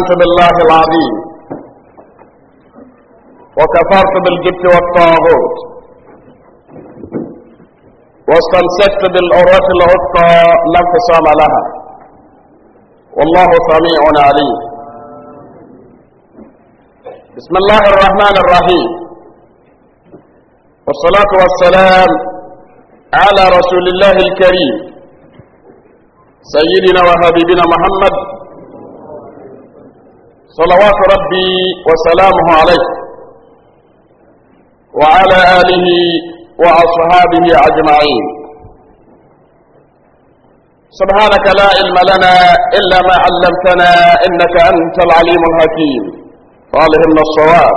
آمنت بالله العظيم وكفرت بالجبت والطاغوت واستمسكت بالعروة العتقى لا انفصام لها والله سميع عليم بسم الله الرحمن الرحيم والصلاة والسلام على رسول الله الكريم سيدنا وحبيبنا محمد صلوات ربي وسلامه عليه وعلى آله وأصحابه أجمعين سبحانك لا علم لنا إلا ما علمتنا إنك أنت العليم الحكيم فعلهمنا الصواب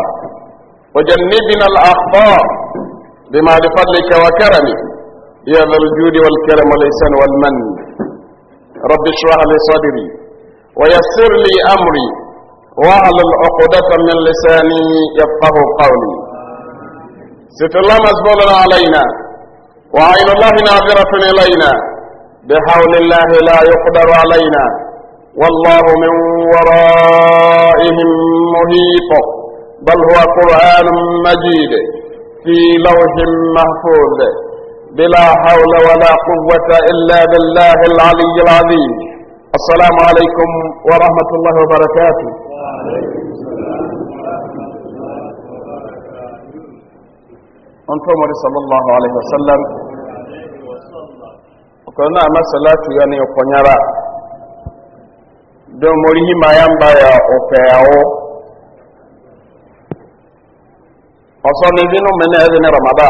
وجنبنا الأخطاء بما لفضلك وكرمك يا ذا الجود والكرم والإحسان والمن رب اشرح لي صدري ويسر لي أمري واعلل عقدة من لساني يفقه قولي ست الله مزبول علينا وعين الله ناظرة إلينا بحول الله لا يقدر علينا والله من ورائهم محيط بل هو قرآن مجيد في لوح محفوظ بلا حول ولا قوة إلا بالله العلي العظيم السلام عليكم ورحمة الله وبركاته on mori sallallahu alaihi wasallam ko na ma salatu yani ko nyara do mori hima yamba ya o pe o oso ni dinu mena e ramada. ramadan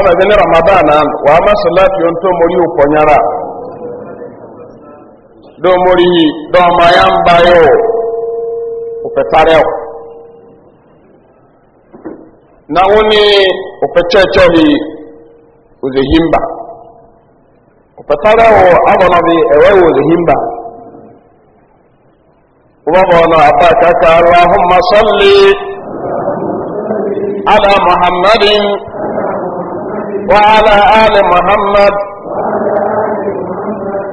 ama ni ramadan wa ma salatu on to mori ko domorihi domaya mbayo upetarew na wuni upechecholi uzehimba upetarew abonobi ewewe uzehimba ubabono abakaka allahumma salli ala muhammadin وعلى آل muhammad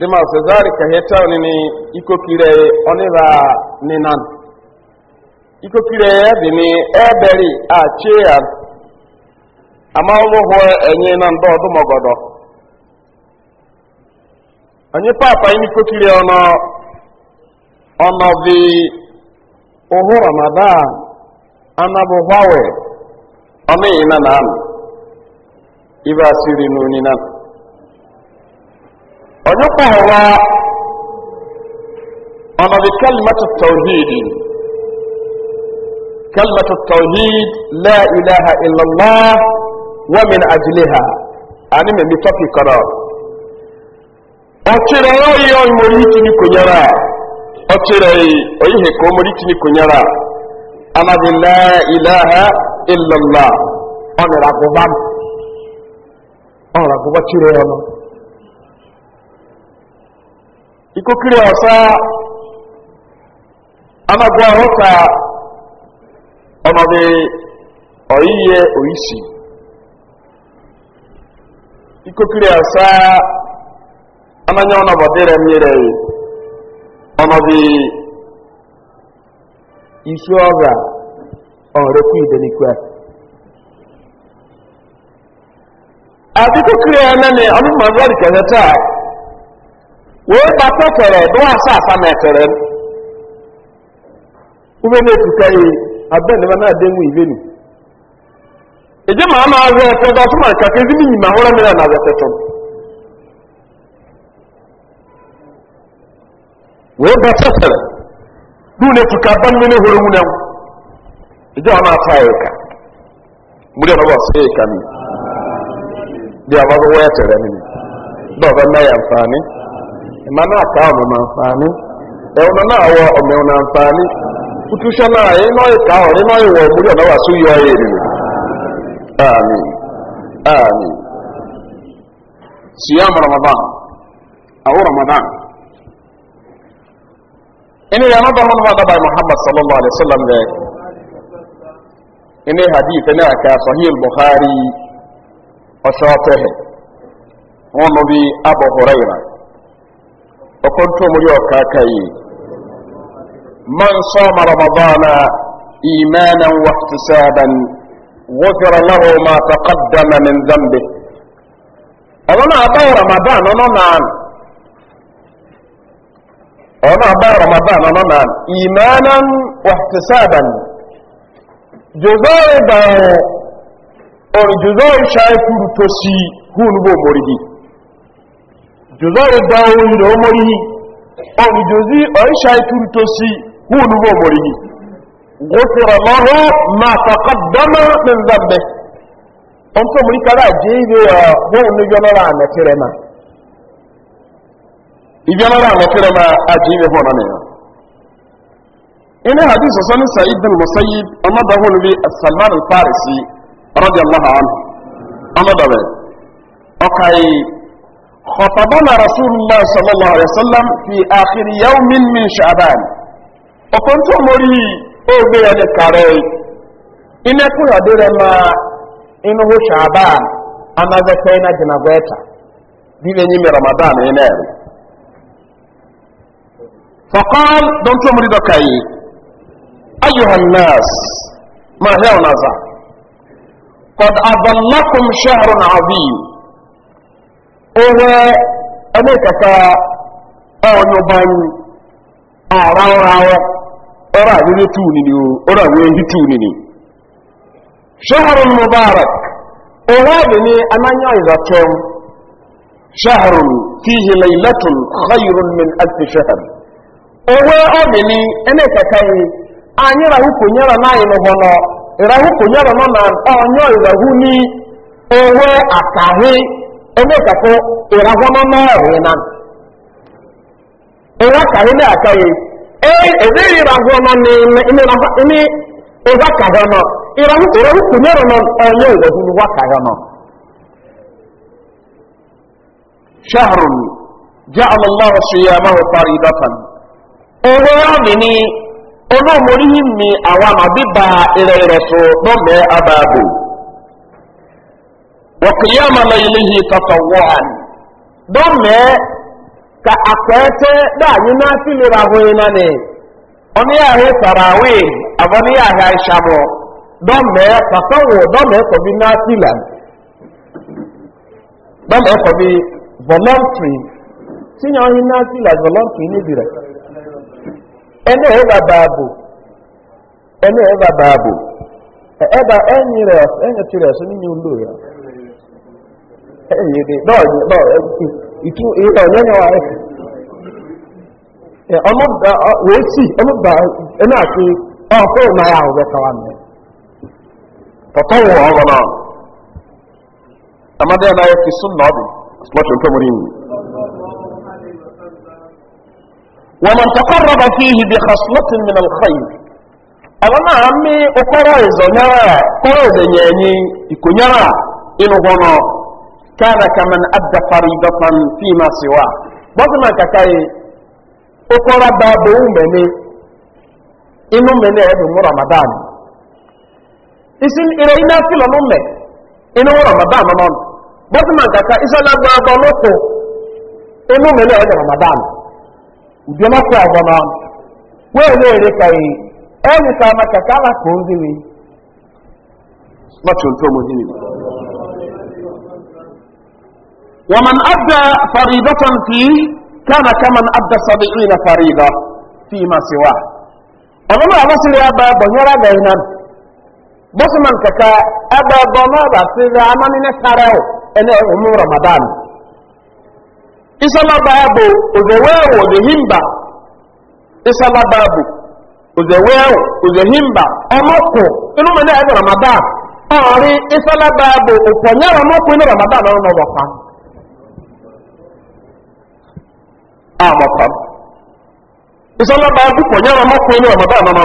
dima sezari ka heta onini iko kire oniba ninan iko kire dini eberi a ya ama wo ho enye na do do mogodo onye papa ni iko kire ono ono bi ohu ramadan anabu hawe ono ina nan iba sirinu ninan onyekwa ụwa ọnọdụ kalimatu tauhid kalimatu tauhid la ilaha illallah wa min ajliha ani memi topi kọrọ ọchịrị ọyị ọyị mori itini kụnyere ọchịrị ọyị ihe ka ọ mori kunyara kụnyere anaghị la ilaha illallah ọ nọrọ agụba ọ nọrọ agụba chịrị ọnụ ikokiri ọsa amagwa ahụ ka ọnọdụ ọyịye oisi ikokiri ọsa amanya ọnọdụ dịrị mmiri ọnọdụ isu ọrịa ọrekwa idenikwe adịkokiri ọnene ọnụ mmadụ ọdịkọta taa wee gbata tere dụwa asa asa na etere ube na-etuka ihe abịa na mana adị nwa ileni eje ma ama ahụ ete da ọtụma ka ka ezi n'ihi ma hụrụ mere na zetetọ wee gbata tere dụ na-etuka abịa mmiri hụrụ nwunye m eje ọ na-ata ya ka mmiri ọnọbọ sị ya ka m dị abagọ wee tere mmiri dọba mmiri ya mfa anyị ma na aka ọmọ na nfani ẹwọn na awọ ọmọ na nfani kutusha na ayi na ọyị ka ọrị na ọyị wọ ọmụrị ọ nawa so yọọ ya eriri amin amin siyam ramadan awọ ramadan ini ya na dama na daba muhammad sallallahu alaihi wasallam da ini hadith ne aka sahih bukhari ọsọ tehe wọn bi abu hurairah okonto mulyoka كي من صام رمضان إيمانا واحتسابا غفر له ما تقدم من ذنبه أنا أبا رمضان أنا نعم أنا أبا رمضان أنا نعم إيمانا واحتسابا جزاء باو أو جزاء شايف تسي هون بو مريدي jòzọ́rù da orin da omori yìí ọ̀rùn ìtúrù tó sí húnú bó omori yìí máa fàkà dọ́mọ́ ní a ibi hadis sa'id bin musayyib amma da bi salman al-farisi radiyallahu anhu amma خطبنا رسول الله صلى الله عليه وسلم في آخر يوم من شعبان وكنت أمري أوبي لكاري إن يكون أدير ما إنه شعبان أنا ذكينا جنبيتا دي نيمي رمضان إنه فقال دونت أمري دكاي أيها الناس ما هي نازع قد أضلكم شهر عظيم ohe ebe kata ọnyụbanyị ọra ụra ọra abịrị tuunini ọra wee ndị tuunini shaharun mubarak ohe abịnye ananya ịzatọ shaharun fihi lailatun khairun min alfi shahar ohe ọbịnị ene kata yi anyị rahụkwụnyere na anyị n'ụbọnọ rahụkwụnyere nọ na ọnyọ ịzahụ ni ohe akaghị ene e na ira hono norina na kahine na ee na ira hono ni ni na. ira kahono ira ira kunero non onye ira hunu wa kahono شهر جعل الله صيامه فريضة أولو يومني أولو مريم ma ببا إلى so نمي وقيام ka akwete da na fili ne ya he tarawe a ya he shamo don me fasawo ko bi na filan don me ko bi voluntary sinya wani na filan voluntary ni bire ene he ba babu ene he babu eba e enyire e so ni ya ẹ̀yìn ni lọ́ọ̀yìn lọ́ọ̀yìn ìtú ìrọ̀lẹ́ ni wọ́n ẹ̀ ọmọdà wọ́n sì ọmọdà ẹni àti ọ̀fẹ́ ìnáyà àwọ̀bẹ̀ káwà mẹ́ pọ̀tọ́ kana kaman adda faridatan fi ma siwa bọ́sùn náà kàkà yìí ó kọ́ra bá bòun mẹ́ni inú ramadan isin ìrẹ̀ iná sílọ̀ ló mẹ́ inú ramadan náà bọ́sùn náà kàkà iṣẹ́ lágbàgbà lóko inú mẹ́ni ẹ̀dùn ramadan mo ومن أدى فريضة فيه كان كمن أدى سبعين فريضة فيما سواه ọlọ́mọ àbọ̀sírí abẹ́ bọ̀nyẹ́rẹ́ bẹ̀yìnà bọ́sùmọ̀n kẹkẹ ẹgbẹ́ bọ́mọ́ àbàsírí amánínẹ́ sáré ọ̀ ẹni ọmọ ramadan isọ́lá báàbò òzèwéwò òzèhìmbà isọ́lá báàbò òzèwéwò òzèhìmbà ọmọkù inú mi náà ẹgbẹ́ ramadan ọ̀rí isọ́lá báàbò òpònyẹ́rọ̀ ọmọkù inú ramadan ọ̀rọ̀ náà wọ̀ àmọ̀pàm ìsọ́lábà dúpọ̀ ní ọmọkùn ní ramadan ọmọ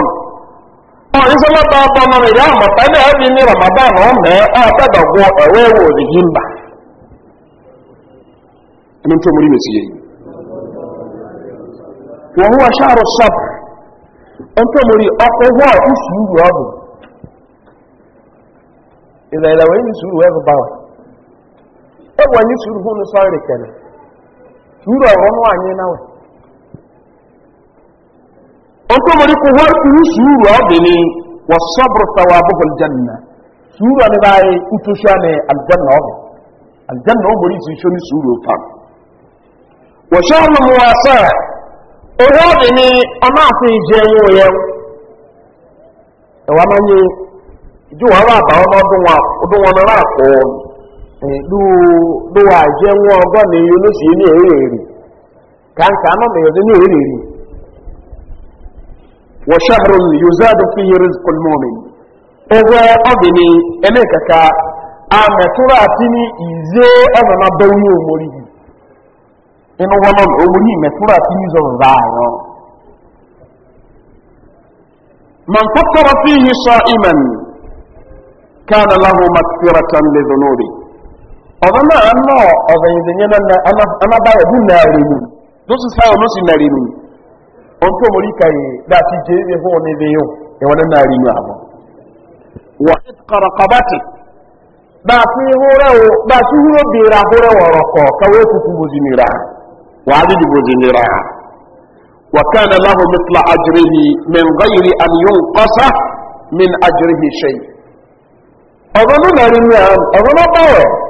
mọ̀ ìsọ́lábà ọba ọmọ àmọ̀pá ní ẹ̀bí ní ramadan ọmọ ọ̀tẹ́dọ̀gbọ́ ẹ̀wọ́ ẹ̀wọ̀ òdìyí mbà ẹni tó múrí mèsì yìí wọ́n wọ́n ṣáàrù ẹni tó múrí ọkọ̀ wọ́ ìlú sùúrù ọ̀rọ̀ mọ́ àyẹ náà ó tó mọ̀rí kò wọ́n kú sùúrù ọ̀dẹ̀ ni wọ́n sọ́bùrù tàwà bọ́ aljanna a na báyé kútó ṣá ní aljanna ọ̀dẹ̀ aljanna ó mọ̀rí ìṣiṣẹ́ ní sùúrù ọ̀fà wọ́n ṣọ́ ọmọ mu wá sára owó ọ̀dẹ̀ ni ọmọ àfin ìjẹ máa ń yẹ Eh, duwa je nwa ọgọ na eyo no si ni eri kan ka ma me yo ni ere eri wa shahrun yuzadu fihi rizqul mu'min ebe eme e kaka a metura tini ize ebe na bawu omori hi inu e wono omori metura ọba náà nọ ọba ìdènyẹ náà anábáyọ bí nàárì ni lóṣù sáyọ lóṣù nàárì ni ohun tó mọ ríkà yìí bá ti jẹ ẹbí fún náà wà á bá a húrẹ́ o bá a húrẹ́ bèèrè ahúrẹ́ wọ̀rọ̀ kọ káwé kúkú bózi wà á dídì bózi nira. kọ́sá ṣe. náà àbọ̀ náà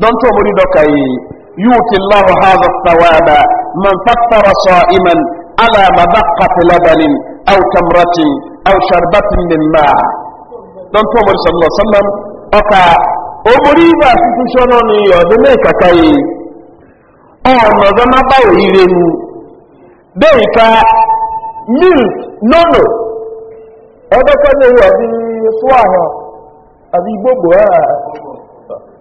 don to muri doka yi yuti Allah hadha thawaba man fattara sa'iman ala madaqqati labanin aw tamratin aw sharbatin min ma don to muri sallallahu alaihi wasallam oka o muri ba su shono ni yo de me kakai ọ̀nà zama bá òyìnbó mu bẹ́ẹ̀ ká milk nono ẹgbẹ́ pẹ́lú ẹ̀bí fúwàhọ̀ àbí gbogbo ẹ̀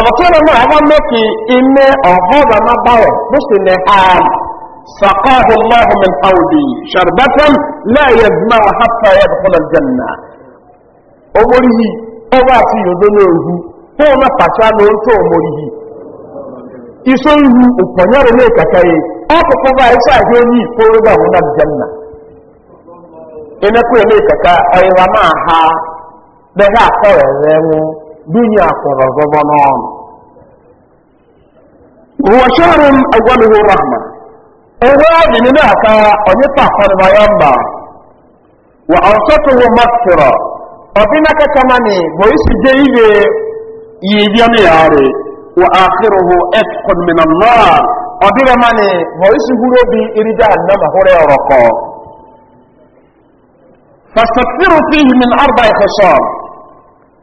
ọ̀bọ̀kúrò náà wọ́n mẹ́kì ilé ọ̀họ́rọ̀ náà báwọ̀ bó sì ní ha sàkọ́hù lọ́hùn mi àwùdí ṣàrùbátán láàyè gbọ́n àhàtà yẹ kọ́nà jẹ́nà omori ti o náà pàṣẹ àná orí tó ihu òpònyẹ́rù ní ìkàkà yìí dunya kwọrọ zọbọ n'ọnụ huwa shahrun awwaluhu rahma ewe dị nile aka onye tafanịba ya mba wa awsatuhu maghfira ọdịnaka kamani bụ isi je ihe yibiya na yare wa et etqun min Obi ọdịre mani bụ isi huru obi iri jahannama hụrụ ọrọkọ fastaghfiru fihi min arba'i khisam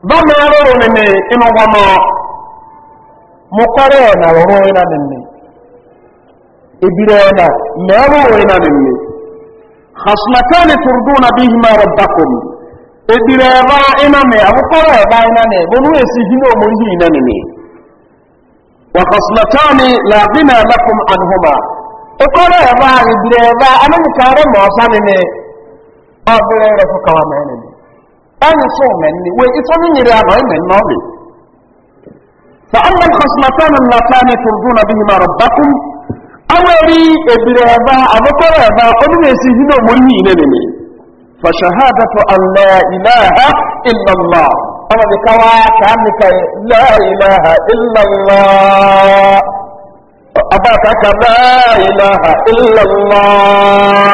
bama roro nene inu wama mukare na roro ina nene ibire na mero ina nene khaslatani turduna bihima rabbakum ibire ba ina me abukore ba ina ne bunu esi hino muri ina nene wa khaslatani la bina lakum anhuma ukore ba ibire ba anu mukare mo أي صوم مني وإصوم إلى أبعي من نوبي فأما الخصمتان اللتان ترجون بهما ربكم أولي إبرابا أبا قلوا يسيهنا مرهين مني فشهادة أن لا إله إلا الله أما بكوا كأنك لا إله إلا الله أباك لا إله إلا الله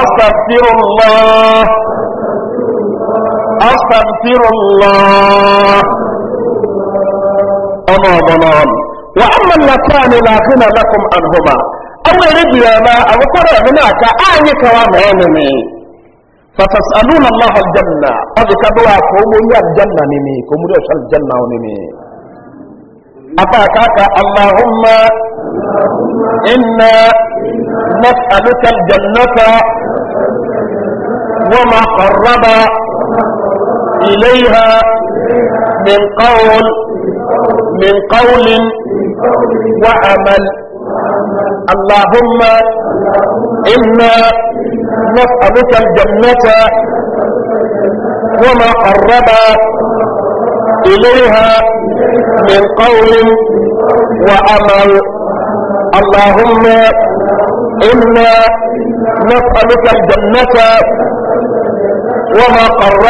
أستغفر الله أستغفر الله أما ظنان وأما اللتان لا غنى لكم عنهما أما أنا ما أذكر هناك كلام آه، ومعنني فتسألون الله الجنة أذك قوم يا الجنة نمي كومي الجنة نمي أفاكاك اللهم إنا نسألك الجنة وما قرب إليها من قول من قول وعمل اللهم إنا نسألك الجنة وما قرب إليها من قول وعمل اللهم إنا نسألك الجنة وما قرب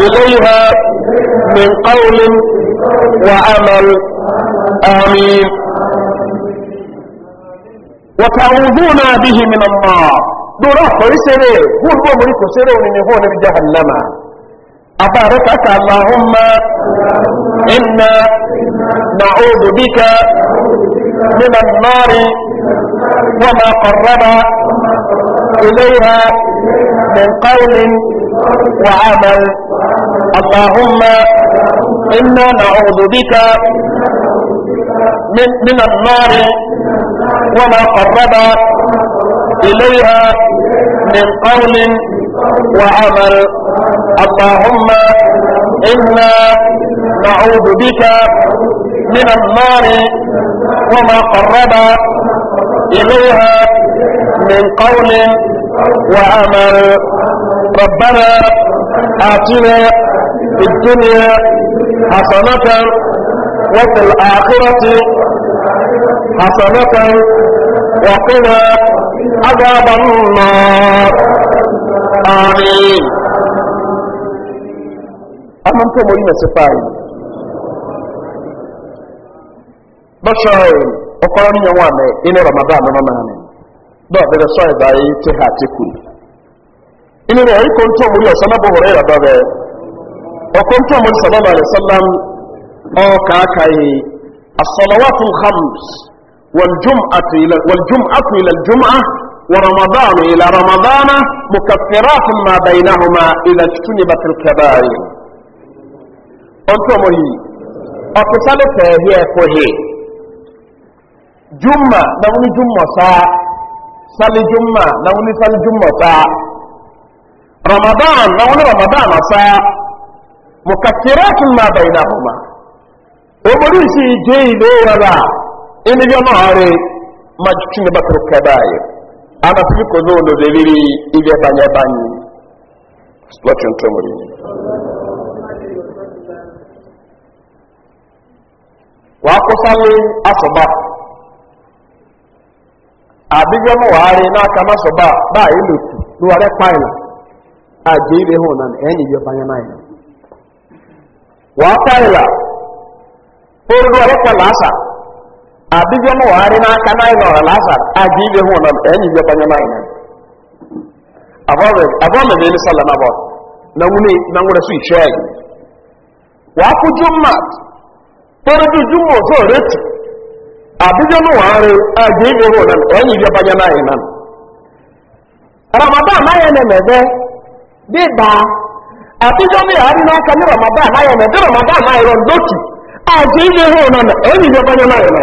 إليها من قول وعمل آمين وتعوذون به من الله دورا فرسره هو هو مريكو سره ونمي هو نبي جهنم أباركك اللهم إنا نعوذ بك من النار وما قرب إليها من قول وعمل اللهم إنا نعوذ بك من, من النار وما قرب إليها من قول وعمل اللهم إنا نعوذ بك من النار وما قرب إليها من قول وعمل ربنا آتنا في الدنيا حسنة وفي الآخرة حسنة وقنا عذاب النار آمين أمام تو مرينا سفاي بشاين أقراني يوامي إن رمضان مماني باب رسائي باي تهاتكم إن رأي كنت مرينا سنبه هريرة بابي وكنت مرينا صلى الله عليه وسلم أو كاكاي الصلوات الخمس والجمعة إلى والجمعة إلى الجمعة ورمضان إلى رمضان مكفرات ما بينهما إذا اجتنبت الكبائر أنتم هي أتصل فهي فهي جمعة نوني جمعة ساعة صلي جمعة نوني صلي جمعة ساعة رمضان نوني رمضان ساعة مكفرات ما بينهما ومريسي جيد ولا إن جمعة ما اجتنبت الكبائر amasiriko n'ololo ebiri ebyebanyebanyi lwatyo ntomuli wakusanye asoba abijemu waale n'akama soba baayiluti e luwale kwaina e. ajeire honan enyi byofanya nayo e. wakwaila oluwale asa. abịjọ m wagharị n'aka naịlọ lasar aja ibe hụ na enyi gị kwanye naịlọ abọ mere ele sala na bọt na nwunye na nwere su iche ya wa ku jumma tore du jumma so reti abịjọ m wagharị aja ibe hụ na enyi gị kwanye naịlọ ramadan naghị na-emebe dị daa abịjọ m wagharị n'aka na ramadan naghị na-emebe ramadan naghị rọ ndotu aja ibe hụ na enyi gị kwanye naịlọ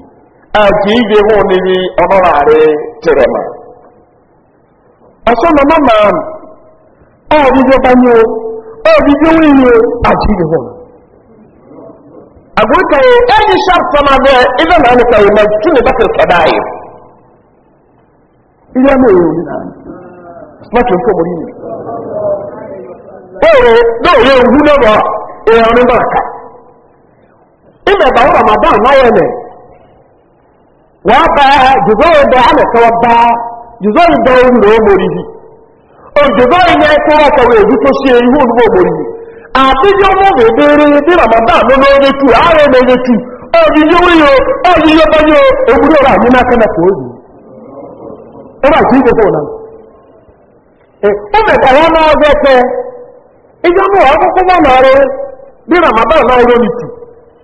àti ìgbè hùn níbi ọlọ́rọ̀ ààrẹ tẹ̀rẹ̀ mọ̀. ọ̀sán màmá ọ bụ bá ní o ibe wí ní o àti ìgbè hùn. àgbóríkà yìí ẹni ṣàfihàn abẹ ilé náà nípa ìmọ̀ tí ní bá kẹ̀kẹ́ báyìí. ilé náà èrò ní náà láti ọkọ̀ mọ̀ nínú. bẹ́ẹ̀ lóòrè òhun náà wà èèyàn nígbà kà. ilẹ̀ bàbá ramadan náà wẹ̀ wàbàá jùzọ́rọ̀ bẹ̀ hànà kawà na jùzọ́rọ̀ baa orí rẹ̀ omori yìí o ihu olúgbò omori yìí àbíjọ́ mọ́ bèbèrè bí ramadan ló lóore tu ààrẹ lóore tu ọdíjọ́ wíyo ọdíjọ́ bọ́yọ́ ewúrẹ́ ọ̀rọ̀ àyínà kẹ́nà kò ó yìí ó bá kí ìgbésẹ̀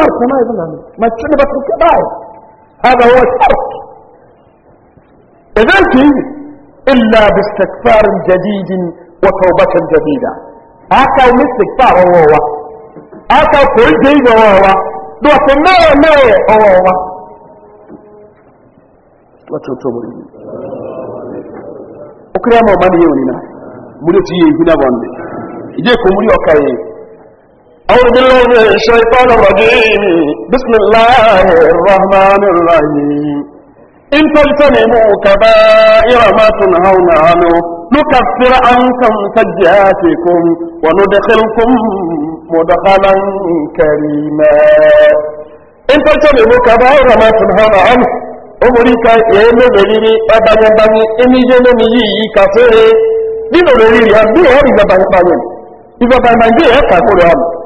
الشرك ما يظن هذا ما تشن بطرك باعد هذا هو الشرك لذلك إلا باستكفار جديد وتوبة جديدة هكا استكفار هو هكا كل جديد هو دو سمع ما هو لا تتوبوا أكرم من يونينا مولتي هنا بندي إجيكم مولي أكاين أعوذ بالله من الشيطان الرجيم بسم الله الرحمن الرحيم إن تجتنبوا كبائر ما تنهون عنه نكفر عنكم سيئاتكم وندخلكم مدخلا كريما إن تجتنبوا كبائر ما تنهون عنه أمريكا يمي بريري أبني بني إني جنمي كفره دينو بريري أبني أبني بني بني إذا بني بني أبني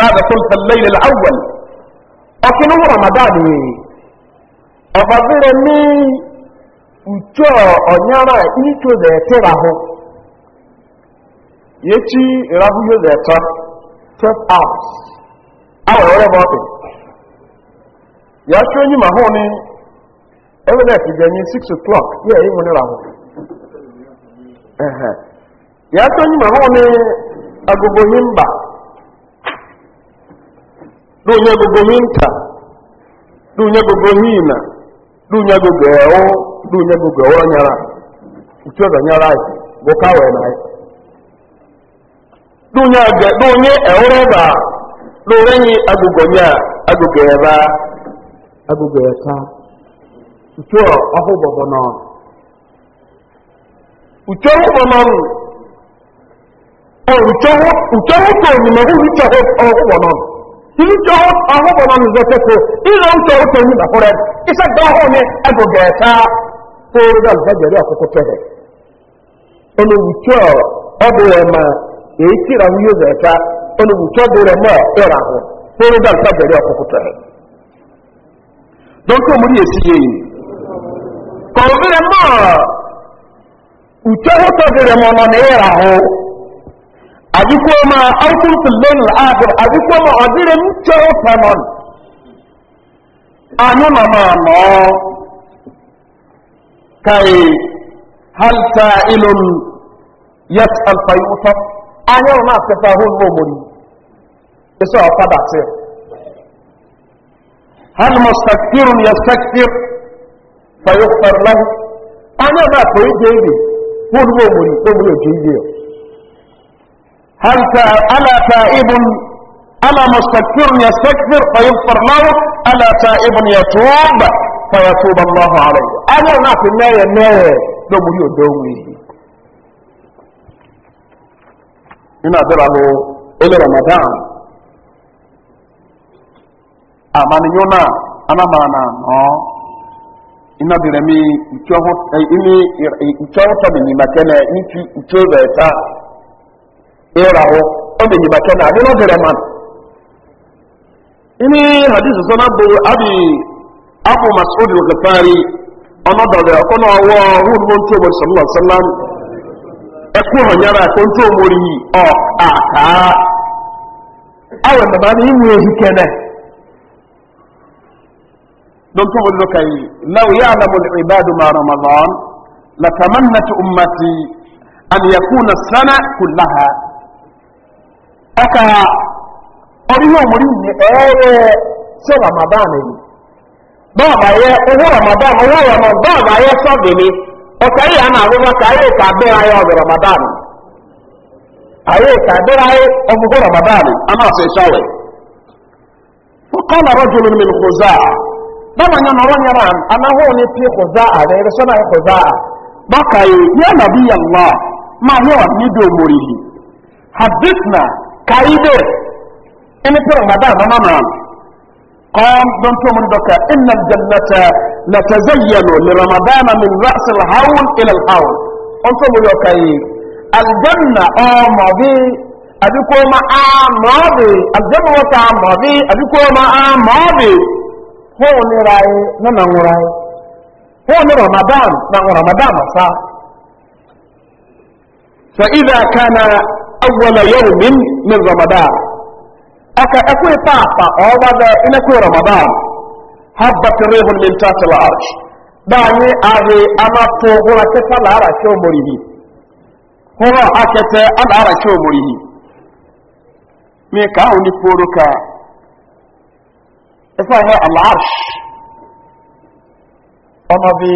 بعد ثلث الليل الأول أكنه رمضان أبغير مي ucho onyara ito da ete rahu ya ci yo da ete 12 hours awa wore ba ya ci onye ma hụ ni ebe da ete ganye 6 o'clock ya yi nwere rahu ya ci onye ma hụ ni dunya gogo winter dunya gogo hina dunya gogo ewo dunya gogo ewo nyara uchoza nyara onye we na dunya ge dunye ewo ba durenyi agogo nya agogo eba agogo eta ucho aho bobo no ucho bobo no oh, ucho ucho to ni mahu ucho bobo nchọ ahụ bụ na nzọtepụ ịrọ nchọ otu onye nakwụrụ ịsa gba ahụ onye ego ga-eta foro da alfajiri ọkụkụ ọ dịrị ma echi ra nwunye ụzọ eta onye ma esi ma ma ọ nọ na àbí kó máa ọ́kùnkùn lẹ́nu ààbò àbí kó máa ọ̀dírẹ̀ ń tó fẹ́mọ̀n àánú màmá mọ́ kàì halta ilun yẹt alfayútọ́ àánú máa fẹ́fà hún lóòmù ni iṣẹ́ ọ̀padà sí hal mustakfir yastakfir fayúkfar lẹ́nu àánú máa fẹ́ ìdè ìdè hún lóòmù ni lóòmù ni òjì ìdè yìí أنت أنا تائب أنا مستكبر يستكبر فيغفر له أنا تائب يتوب فيتوب الله عليه أنا ناس الناية الناية دومي دومي هنا درعه إلى رمضان أمان يونا أنا معنا ina dirami ichoho ini ichoho tamini makene nchi ịrahụ ọ na-enyi na adị n'ogere man ini hadisi sana abu masud al-ghafari ọnọdọrọ ọkọnọ ọwọ ruhu mo ntụ omori sallallahu alaihi wasallam ẹkú e ọnyára ẹkọ ntụ omori ọ àká awẹ bàbá ni ìwé ehi kẹnẹ dọ́ntọ́ yi lọ́ka yìí láwù yá àlàmù na ma ramadan latamannatu ummati an yakuna sana kullaha aka ọdịghị omori ne ẹ̀ẹ́rẹ́ sí ramadan ni báàbà yẹ owó ramadan owó ramadan báàbà yẹ sọ́ọ̀dì ni ọ̀kà yìí àná na kà ayé ìka abẹ́rẹ́ ayé ọ̀dọ̀ ramadan ayé ìka abẹ́rẹ́ ayé ọ̀gbọ̀gbọ̀ ramadan àná ọ̀sẹ̀ ìṣàwẹ̀ fọkànlá rọ́jò mmiri nìyẹn kòzá báwa nyɛ nɔrɔ nyɛ ran anahu ni pie na àrẹ ẹrẹ sọ́nà ayé kòzá bákà ya yẹ́ nàbí yàrá máa yẹ wà ní dòmòrì yìí hadithna kaibe ini tiro madan mama ma قام دون تومن دوكا ان الجنه لتزين لرمضان من راس الهول الى الهول انتم يوكاي الجنه او ماضي اديكو ما ماضي الجنه وكا ماضي اديكو ما ماضي هو نراي نما نراي هو رمضان نا رمضان صح فاذا كان awwala yawmin min ramadan aka akwai papa o ba da ina ramadan habbat rihun min tahti al-arsh da ni ave ama to gora ke sala ara ke omorihi hora akete ada ara ke omorihi me ka oni poruka ifa he al-arsh ọmọ bí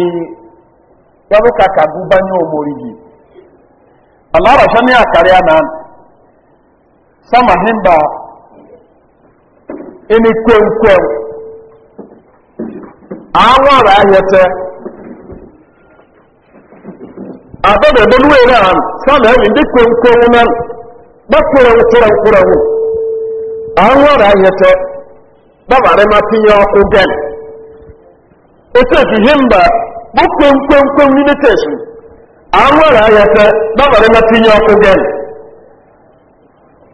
yàrá kàkà gúbá ní omorihi al-arsh ni àkàrí àná sama hemba ini kwenkwem àwọn ọ̀rọ̀ ayẹtẹ àbẹ̀bẹ̀ bẹ̀lú ẹ̀rọ àm sáàmì kwenkwem náà bẹ́kùrẹ̀ wùtúrẹ̀ wùtúrẹ̀ wù àwọn ọ̀rọ̀ ayẹtẹ bàbàrẹ̀ máa fi ọkụ ọkùn gẹ̀lẹ̀ ètò ètò hemba bó kwenkwem nínú tẹ̀sù àwọn ọ̀rọ̀ ayẹtẹ bàbàrẹ̀ máa fi yẹ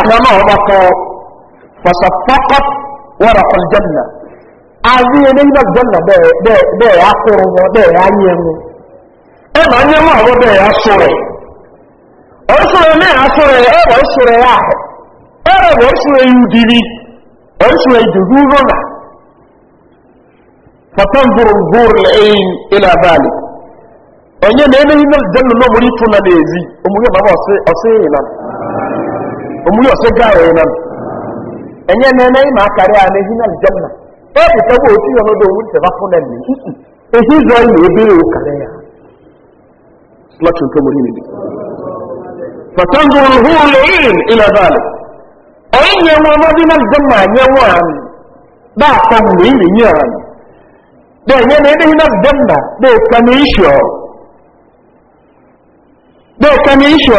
àtàwọn ọba kọ fasafakọt janna rọ̀kọ̀ jẹ́nà àbí eléyìí náà jẹ́nà bẹ́ẹ̀ akọrọ wọn bẹ́ẹ̀ ayé wọn ẹ máa ń yẹ wọn àwọn bẹ́ẹ̀ asọrọ ọ̀ṣọrọ ya asọrọ ẹ wọ́n ṣọrọ ahụ ahụ. ẹ wọ́n ṣọrọ yìí dìbí wọ́n ṣọrọ ìdùdú lọ́nà fatanzuru zuru lẹ́yìn ilẹ̀ na ọ̀nyẹ́ ní eléyìí náà jẹ́nà náà mo rí omuli osega enam enye nene ima akari ane hina aljanna ebi kabo oti yono do omuli se bafuna ni ehi zo ime ebere okare ya slotun to muri nibi fatanzuru huru lein ila dhalik oyin nyewo mabina aljanna nyewo ani da kan ni ni nyewo ani da enye nene hina aljanna da kanisho da kanisho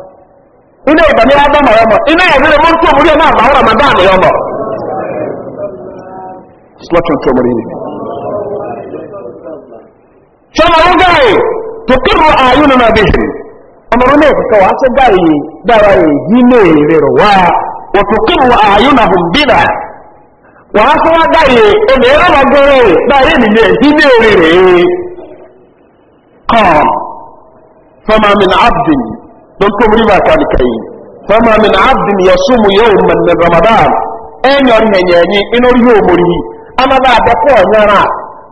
ilé ìbàmí agbọ́mọ̀ ọmọ ilé ìbílẹ̀ mọ́ tó múrí ọmọ àwọn ramadan ọmọ slọ́tún tó múrí ni ṣọ́nà ó gáyì tó kírù ààyún nínú àbí ṣe ọmọ orílẹ̀ ìfẹ́kọ̀ wá tó gáyì dára èyí ní èrè rọ̀ wá wọ́n tó kírù ààyún nà hùn bínà wọ́n á fún wá gáyì abdin don ko muri ba ka ni kai fama min abdin yasumu yawman min ramadan enyon henyenyi inori yo muri ama ba da ko nyara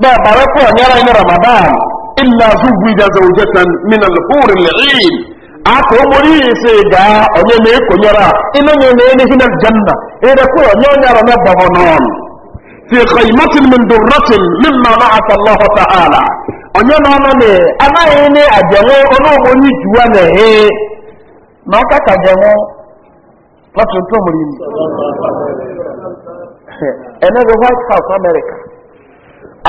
ba bare ko nyara ni ramadan illa zuwija zawjatan min al-hur al-'ain ako muri se ga onye me ko nyara inonyo ne ni hinal janna e da ko nyara na babonon في خيمة من درة مما بعث الله تعالى أنا ما أنا أنا إني أجمع أنا أني جوانا na aka ka jẹun lọ́tún tó mú rí white house america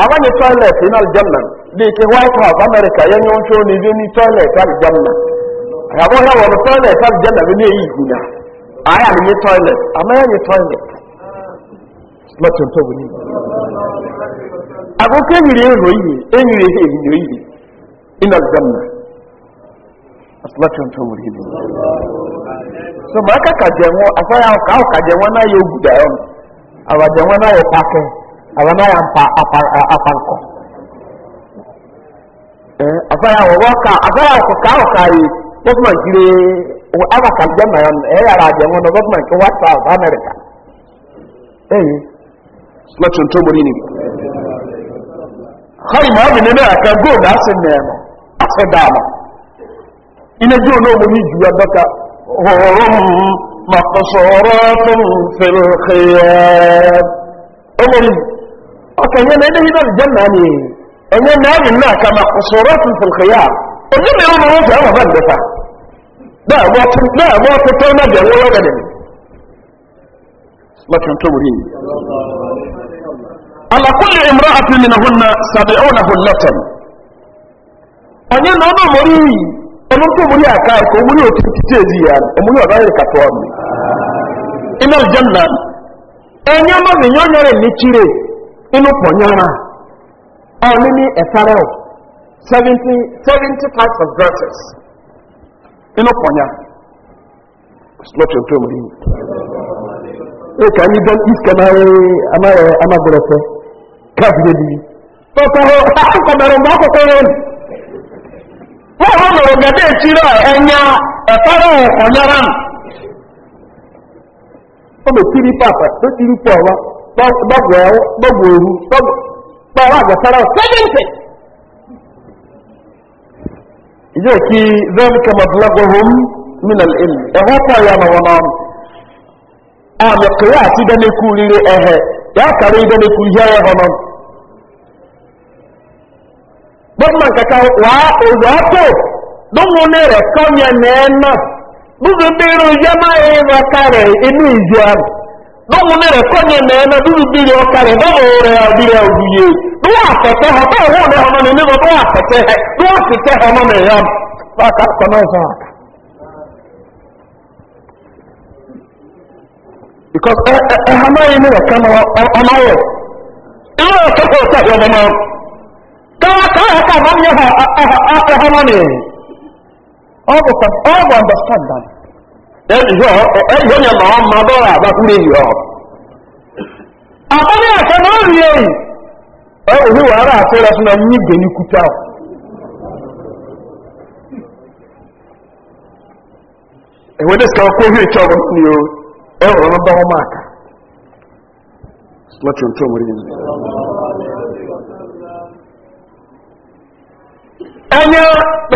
àwọn ní toilet iná aljanna dị ike white house america yẹn yóò tó ní bí toilet aljanna àyàbọ̀ yà wọ̀ toilet aljanna bí ní eyi ìgbìnà na. ní toilet àmọ́ yẹn toilet lọ́tún tó mú rí mi àkókò ènìyàn èrò aljanna atụmatụ ntụ nwere ibu so ma aka kaje nwo asa ya ka ahụ ka ya oguda ya awa ya pake awa na mpa apankọ eh ya wo ka asa ya ko ka ahụ ka na ya eh ya je nwo na wata South amerika eh atụmatụ ntụ nwere ibu ma na ka go da sin ne إن جون أمني جوا بك هم مقصورات في الخيار أمري أكن ينا إنه إلى الجنة أني أنا نار هناك مقصورات في الخيار أجل يوم روسي أنا بندفع لا وقت لا وقت تونا جوا ولا غنم لكن تمرين على كل امرأة منهن سبعون هلة أنا نعم مريم ọmọ tó a ní àká ẹ̀kọ́ mú ní òtún títí èzí ya ọmọ ní ọ̀dọ́ ayé kàtọ́ ọmọ iná ìjẹ́nà ẹ̀yẹ́ mọ́ mi yán yẹrẹ ní kíre inú pọ̀ yára ọ̀ní ní ẹ̀fẹ́rẹ́ ọ̀ seventy seventy five of verses inú ẹ kà ní amáyẹ bá wọ́n wọ́n lọ̀rọ̀ gẹ̀dẹ̀ ìtìrọ ẹ̀yà ẹ̀fẹ́rẹ̀ ọ̀nyára nù ó lè tírí pàpà tó tírí gbagwo wá gbọ́gbọ̀ ẹ̀wọ́ gbọ́gbọ̀ òru gbọ́gbọ̀ àgbẹ̀fẹ́rẹ̀ sẹ́yìntì ìjọ kí zẹ́ẹ̀kẹ́ mọ̀tòlọ́gbọ̀hún mìnàl ìlú ẹ̀họ́ pọ̀ ya nà wọn náà àmì kìí àti ìdánilẹ́kù rírẹ ẹ̀hẹ̀ yà bọ́mọ̀ kankan wà òyọ́tò lóhun ní rẹ̀ kọ́nyẹ mẹ́ẹ̀nà dúdú bíru yẹ́mà ìrìn ọ̀ka rẹ̀ inú ìjọ rẹ̀ lóhun ní rẹ̀ kọ́nyẹ mẹ́ẹ̀nà dúdú bíru ọ̀ka rẹ̀ bọ́mọ̀ rẹ̀ ọ̀bílẹ̀ òwúyẹ ló wà hàn bẹ́ẹ̀ wọ́n rẹ̀ ọmọ mi nínú hẹ hàn mi ọwọ́ káyọ̀ ká bá mi yẹ ọ̀hánà ni ọ̀bọ̀ ọ̀bọ̀ understand that. ẹ̀yọ́ ẹ̀yọ́ yẹn máa ń máa bọ́ra àbákúrẹ́ yìí ọ̀. àbáyé àṣẹ náà rí èyí. ẹ òhun wàhálà àti ẹ̀rọ fún mi nígbè ní kúta. ìwé ní sọ pé ìwé ìtọ́ ọ̀hún ni o ẹ ọ̀rọ̀ bá wọn máa kà. láti ohun tó wọlé yẹn. onye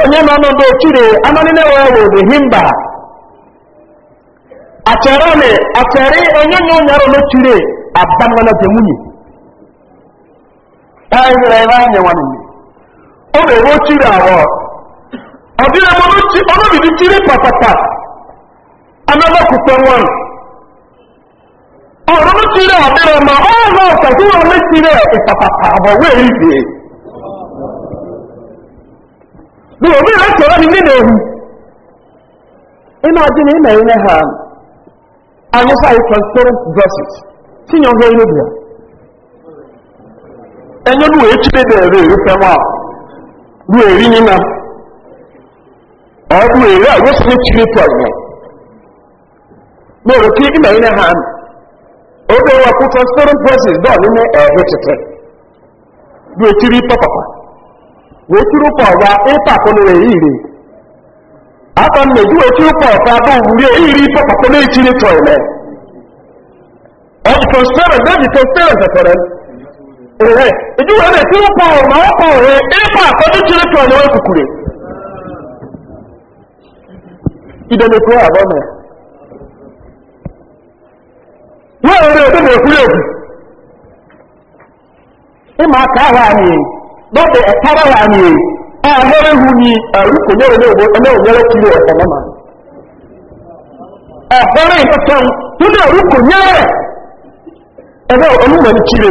onye nọ n'ọdụ ochiri amanine wee wụrụ himba achọrọ ni achọrị onye nye onyarụ n'ochiri abanwana je nwunye ahịrị ebe anyị nwa ọ o mere ochiri ahụ ọ dịghị ebe chiri patata anamakwute nwa ọrụ n'ochiri adịrị ma ọ nọ ka hụrụ n'ochiri ịpatata abụọ wee bí òbí rẹ̀ ndị na nílé ewu inú na ị na-enwe ha anyisa yìí transparent dresses tí yàn hó inú bìà ẹ̀yọ́ ní wèé dị bẹ̀rẹ̀ rẹ̀ èyí a. à ní Ọ bụ ọ̀ọ́dún èrí àwọn sì ha transparent wee tiri ụkọ ọwa ịta akpọnụrụ aka m na-eji wee tiri ụkọ ọta bụ wuri ehihiri ife kpakpọ na-echiri tọile ọ dị transparent na-eji transparent ehe eji wee na na-echiri tọile wee abụọ wee were ebe na-ekwuri ịma aka ahụ anyị lọ́dọ̀ ẹ̀kára wà ní ààrẹ́rẹ́ hu ni àrùn kò yẹ́rẹ́ ní ògbó ẹ̀mẹ́ òyẹ́rẹ́ kí ló ẹ̀kọ́ mọ́mà ààrẹ́rẹ́ ìtọ́tọ́n tó ní àrùn kò yẹ́rẹ́ ẹ̀mẹ́ olúmọ̀ ní kí ló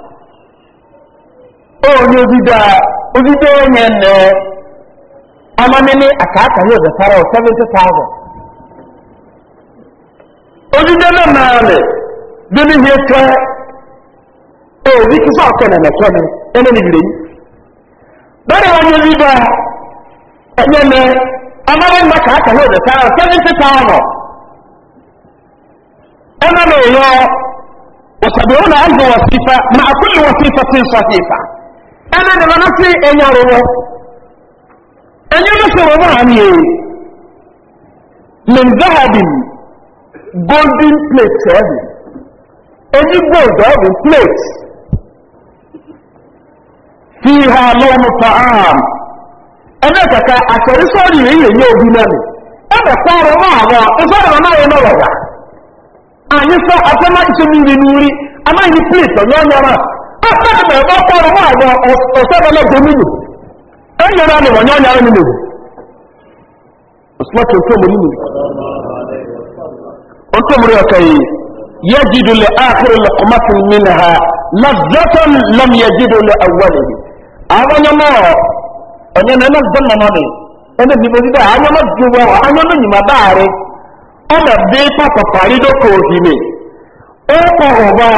onye bido bido onye nne amanene akaka ya obetara 70,000 ojide na naanị dị n'ihe ke ozi kisa ọkene na ekene ene n'ibiri yi bere onye bido onye nne amanene mma ka a ya obetara 70,000 أنا لا يا وسبعون na وصيفة مع كل وصيفة ẹni nìlọ náà sí ẹ̀yà rọwọ́ ẹ̀yà ló ṣe rọwọ́ àmì ẹ̀ golden plate ẹ̀bì ẹni gold ẹ̀bì plate fi ha lọ́nu ta'am ẹni kàkà àtẹ̀rí sọ́ọ̀rì rẹ̀ yẹ̀ yẹ́ obi ẹni kọ́ rọwọ́ àwọn ìfọ́rọ̀ náà yẹ náà wọ̀wà àyíká afẹ́má ìṣẹ́mi rẹ̀ nìrí amáyí plate ọ̀yọ́ nyàmá pásítọ̀tì mọ̀ ẹ̀kọ́ pọ̀ ọmọ àgbọ̀ ọ̀sẹ́bẹ̀lẹ̀ gómìnà ẹ̀yìn rẹ̀ nìwọ̀n yọ́ yàrá nínú òsìlọ́tì òtò mú nínú òtò mú rí ọ̀kẹ́ yìí yẹ́ jìdù lè áàkiri lọ́kọ̀mọ́tì nínú ha lọ́dọ́tọ̀ lọ́m yẹ jìdù na awọ́lẹ̀ àwọn ọmọ ndị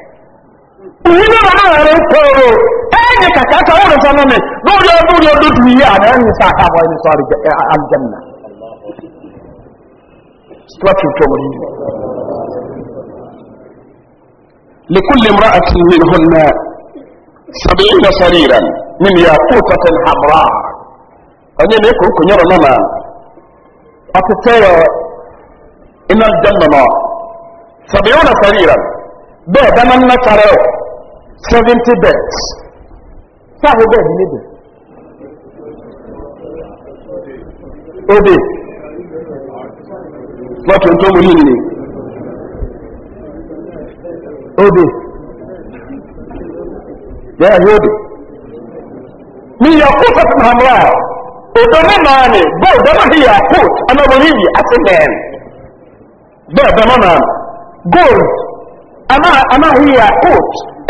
ìyínú ọ̀nà ẹ̀rọ kòrò ẹ̀yẹ kàkà kọ̀wọ́ lọ sọ́nà mi lórí ọdún ní ọdún tún yíyá àná ẹ̀yìn sá àkàbọ̀ ẹni sọ àlùjẹ́mìnà stọ́ọ̀tì tó wọ́n yìí. لكل امرأة منهن سبعين سريرا من ياقوتة حمراء أنا ليكو كن يرى لنا أتتايا إن الجنة سبعون سريرا بيدنا نتريو seventy beds sáàbù bẹ́ẹ̀ ní níbi òde lọ́tù tó mú ní ìrìn òde yẹ́ ẹ̀hẹ́ òde ní yakut àti mahamra òdó mẹ́mà ni bóò dọ́nà ní yakut anábòlìyí àti bẹ́ẹ̀n bẹ́ẹ̀ bẹ́ẹ̀ mọ́nà gold anáhìí yakut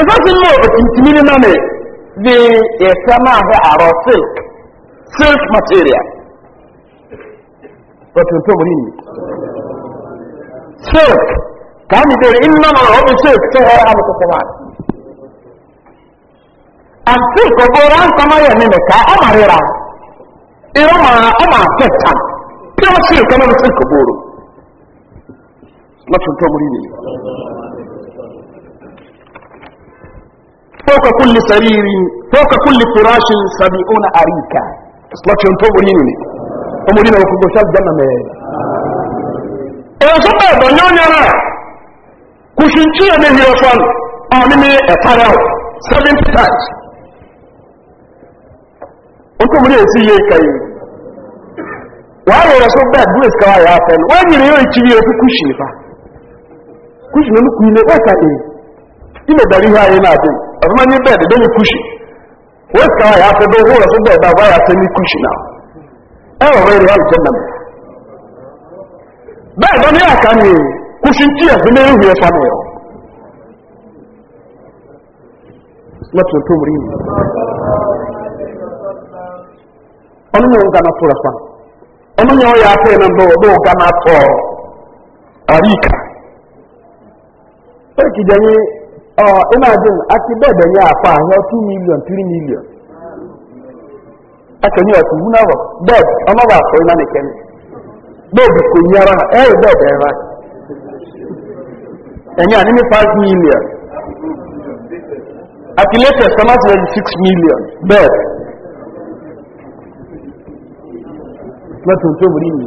Ezeji mụ otimiri nọ dị ese n'ahịa arọ silk silk material. Otu ntụ mụrụ iyi. Silk ka anyị dere ịnọ na ọbụ silk tụrụ ahụ tụtụrụ ma And silk ọ bụrụ nkama ya nene ka ọ marịra ịrụ ma ọ ma afekta pịọ silk ọ nọ silk bụrụ. Otu ntụ mụrụ iyi. فوق كل سرير فوق كل فراش سبعون أريكا اصلاك ينطو وليني ومولينا وكبو شاب جنة مين ايه سبا بنيون يرى كشنشي من يوصل آمني اتراو سبعين تاج انتو مولينا سيئي كي وعلى رسول باب بلس كواي عفن واجي ريوي كبيرة كشنفة كشنفة كشنفة كشنفة كشنفة كشنفة كشنفة كشنفة كشنفة ọ̀fọ́mọ́ni bẹ́ẹ̀dì bẹ́ẹ̀ni kúṣì kushi sì káwà yàtọ̀ bẹ́ẹ̀ wọ́n rẹ̀ bẹ́ẹ̀ dáa báyà tẹ́ ní kúṣì náà ẹ wọ̀ rẹ̀ rẹ̀ jẹ́ nàmì bẹ́ẹ̀ bọ́ ní àká ni kúṣì tí ẹ̀ fún mẹ́rin rẹ̀ fámi ọ̀ lọ́tún tó rí mi ọmọ yẹn gana tó rẹ̀ fámi ọmọ yẹn yà fẹ́ náà bọ̀ bọ̀ gana ina jin ake bẹ̀bẹ̀ ní àpá àyọ́ 2 million 3 million aka ní ọ̀tún múná bọ̀ bẹ́ẹ̀ ọmọ bá kọ́ iná nìkẹ́ ni bẹ́ẹ̀bì kò yí ara ẹ̀rù bẹ́ẹ̀bẹ̀ ẹ̀rọ ẹ̀yìn àní ní 5 million àti latest ọmọ ti rẹ̀ 6 million bẹ́ẹ̀ lọ́tún tó burú yìí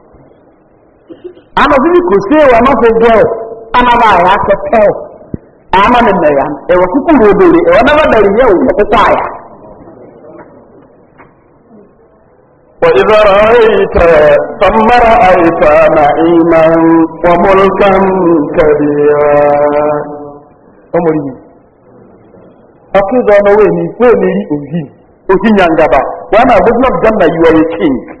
ama bi ko se wa ma se je ama ba ya ka pe ama ne na ya e wa kuku ro do e wa na ba dari ya wa ko ta ya وإذا رأيت ثم رأيت نعيما وملكا كبيرا أمري أكيد أنا وين وين أجي أجي نعجبا وأنا أقول لك جنة you are a king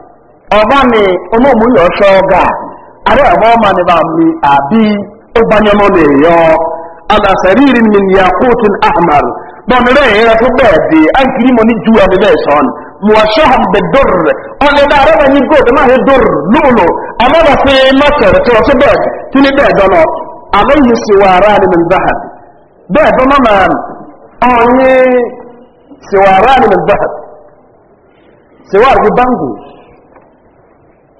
ọba ni ọmọọmọ yọ ọṣọ ọga àrẹ ọba ọma ni bá mi àbí ọgbanyọmọ lè yọ alasaririn min yakutin ahmar bọ́n rẹ̀ yẹra tó bẹ́ẹ̀ di ankiri mọ́ ní ju ẹni bẹ́ẹ̀ sọ́n muwashaham bẹ dor ọ̀nà ìdá àrẹ ní gold náà ní dor lóòlò àmọ́bà sí mọ́tẹ̀rẹ̀ tó ọ̀sẹ̀ bẹ́ẹ̀ tí ní bẹ́ẹ̀ dọ́nà àlẹ́yìn siwara ni min zahab bẹ́ẹ̀ dọ́nà máa ọ̀yin siwara ni min zahab siwara ni bangu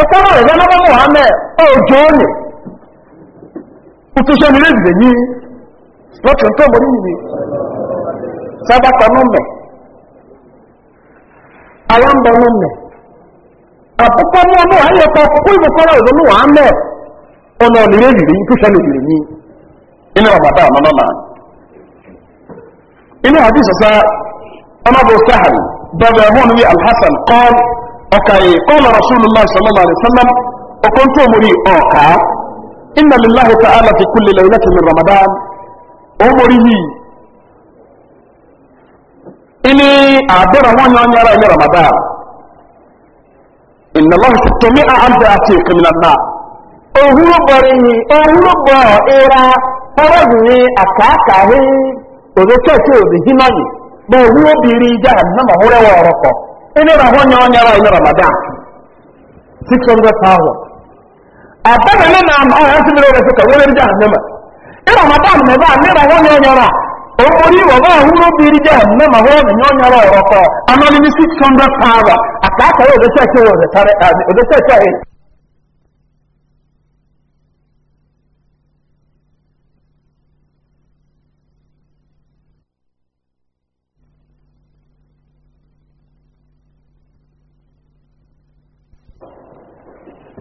ọkọ̀rọ̀ ẹ̀dá lọ́wọ́ mohamed ọjọ́ ọ̀nà òtúnṣẹ́ nílé ìdè ní lọ́tún tó mọ̀rí nìyí sábàtà nọ́mẹ̀ alámbọ̀ nọ́mẹ̀ àkọ́kọ́ mọ́ ọmọ ayé ọkọ̀ ọkọ̀ ìbùkọ́rọ̀ ẹ̀dá mohamed ọ̀nà nílé ìdè ní òtúnṣẹ́ nílé inú inú àdìsọ̀sá ọmọ bọ̀ sáhàrì ọkàyè kọ́lá rasulullah sallallahu alaihi wasallam ọkọ̀ tó ọka ọ̀ká inna lillahi ta'ala fi kulli laylati min ramadan ó mórí ini àbẹ̀rẹ̀ wọn yàn yàrá ilé ramadan inna lọ́hì tẹ̀mí àbẹ̀ àti ìkìmìnà náà òhúrò bọ̀rẹ̀ yìí òhúrò bọ̀ ìra fọ́rọ̀ yìí àkàkàhí òdòkẹ́kẹ́ òdòhínà yìí bọ̀ òhúrò jahannama ene ba hɔ nyɛ ɔnyɛ ba ramadan six hundred thousand abɛnɛ ne nam a yɛn ti mi lɛ ɔrɛsɛ ka wɔn eri gyaha nema ne ramadan ne ba ne ba hɔ nyɛ ɔnyɛ ba omori wɔ ba ahuro bi eri nema hɔ nyɛ ɔnyɛ ba ɔrɔkɔ amani ni six hundred thousand yɛ wɔ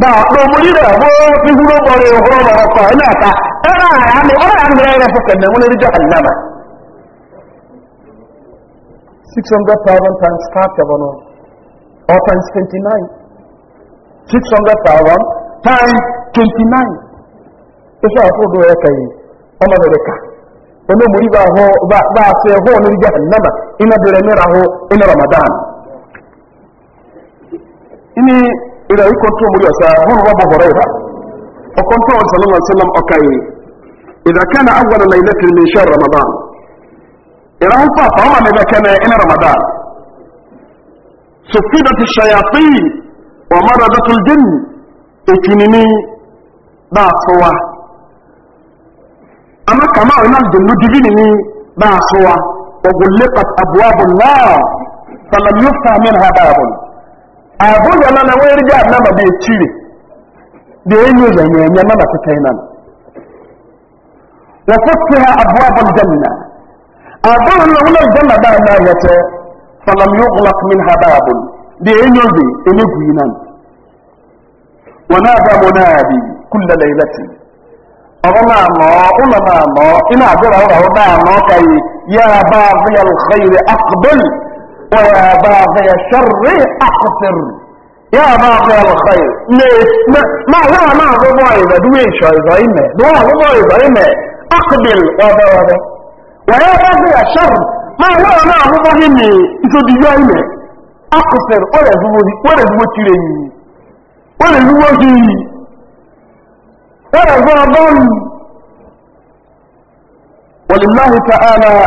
ba ɗo muri da bo fi huro bore ho ba ko ina ka ana ya ne ora an gure ne fuka ne mun rijo annama 600000 times 5 or times 29 600000 times 29 isa ko do ya kai amma da ka ono muri ba ho ba ba se ho ne rijo annama ina dole ne raho إذا يكون توم يوسى هو أبو هريرة وقال صلى الله عليه وسلم أكاي إذا كان أول ليلة من شهر رمضان إذا أنطى إذا كان إن رمضان سفدت الشياطين ومرضة الجن إتنيني با سوا أما كما أن الجن جبينني با سوا وغلقت أبواب النار فلم يفتح منها باب abụja na na nwere ga na ma bi chiri da enyi ụzọ nye enye na na kuta ina wa futiha abwab aljanna abun na wala aljanna da na yata falam yughlaq minha babun da enyi ụzọ enye guyina wa nada munadi kull laylati ọgọma nọ ụlọ ma nọ ina agụra ụra ụda nọ kai ya ba al khair aqbal ويا باغي الشر أحصر يا باغي الخير ليش ما ما لا ما ضبايبة دويش ضايمة دوا ضبايبة إما أقبل وضبايبة ويا باغي الشر ما لا ما ضبايبة إنتو ضايمة أقصر ولا زودي ولا زودي ولا زودي ولا زودي ولله تعالى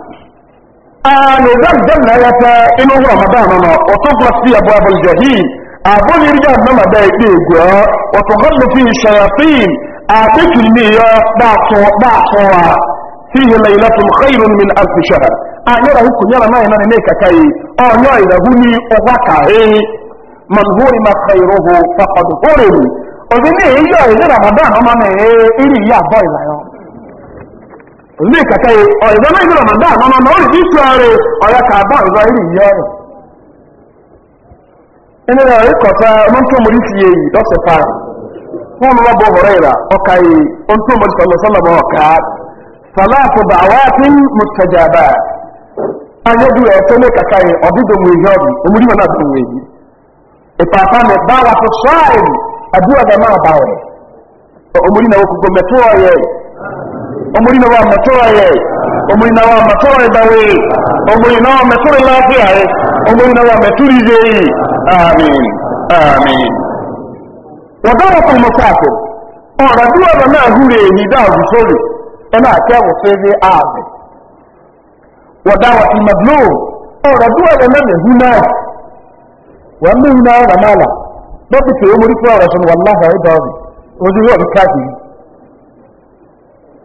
آلو دم جنة يتا إنو رمضان وتغلق في أبواب الجحيم أبوني رجال نما دايكي وتغل فيه الشياطين آتك المية داعصوا داعصوا فيه ليلة خير من ألف شهر أعيرا هكو يرى ما ينان ميكا كي أعيرا إذا هني أغاكا هي من هرم خيره فقد هرم أذنه إيجا إذا رمضان أمامه إيري يا بوي لا يوم ilé ìkàkà yìí ọ̀rẹ́ náà ìlú ọ̀mọ̀dá àmọ́mọ́ náà ó rí ìṣú ọ̀rẹ́ ọ̀yà kàbá ìwà ìrì yọ ọ̀rẹ́ inú rẹ̀ rí kọ̀tà ọmọ́ntòmọ̀rí ti yẹ yìí lọ́sẹ̀ pa fún lọ́bọ̀ ọ̀rẹ́ ìrà ọkà yìí ọmọntòmọ̀rí sọ̀lọ̀sọ̀lọ̀mọ̀ ọ̀kà sàlátù bàwátì mùtàjàbà anyadu ẹ̀fẹ́ ní kàkà yìí ọ̀dídò mú ìyọ́ ọ̀dì omúrí wọn náà tó wù èyí ìpàpá mi bá wà tó sọ́ọ̀rì àdúrà dẹ̀ máa bá rẹ̀ omúrí náà ó kúkú mẹ́tọ́ ọ̀yẹ́ yìí omuli na wa ye na wa matura dawe omuli na wa ye omuli na wa amin amin wa musafir ọ̀rọ̀ bí ọ̀rọ̀ náà húre ní dáàbù sórí ẹnà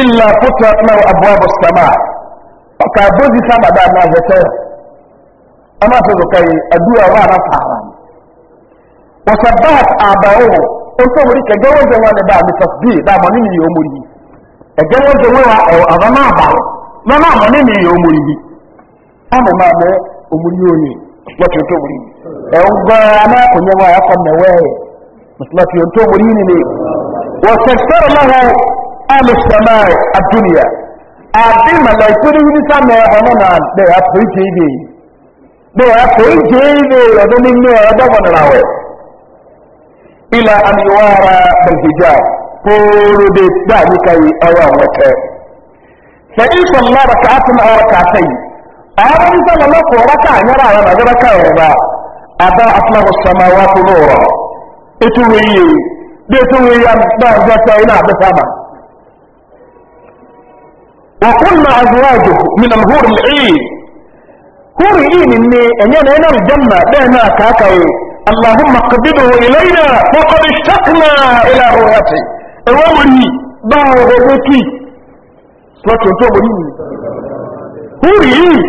illa futat lahu abwabu sama ka bozi sama da na jete ama to do kai adua wa na fara wa sabat abao on to wuri ke gawo je wale ba mi tasbi da mo ni ni o muri e gawo je wo wa o avama na na mo ni ni o muri bi ama ma me o muri o ni wa to to wuri e o ga ama ni ahlu samai ad-dunya abi ni wuni na de ya ko ibe de ya ko ibe ni ila an yuwara bil ko de da ni kai awa wata fa in salla rak'atun aw rak'atayn awon salla la ko raka ni rawa na ga raka ba na aslahu samawati nura ituwi de tuwi ya ba ga ta ina da sama وقلنا أزواجه من الهور العين هور العين إني أني أنا هنا الجنة دهنا كاكي اللهم قبضه إلينا وقد اشتقنا إلى رؤيته أولي باو غيبتي صلاة انتو بني هور العين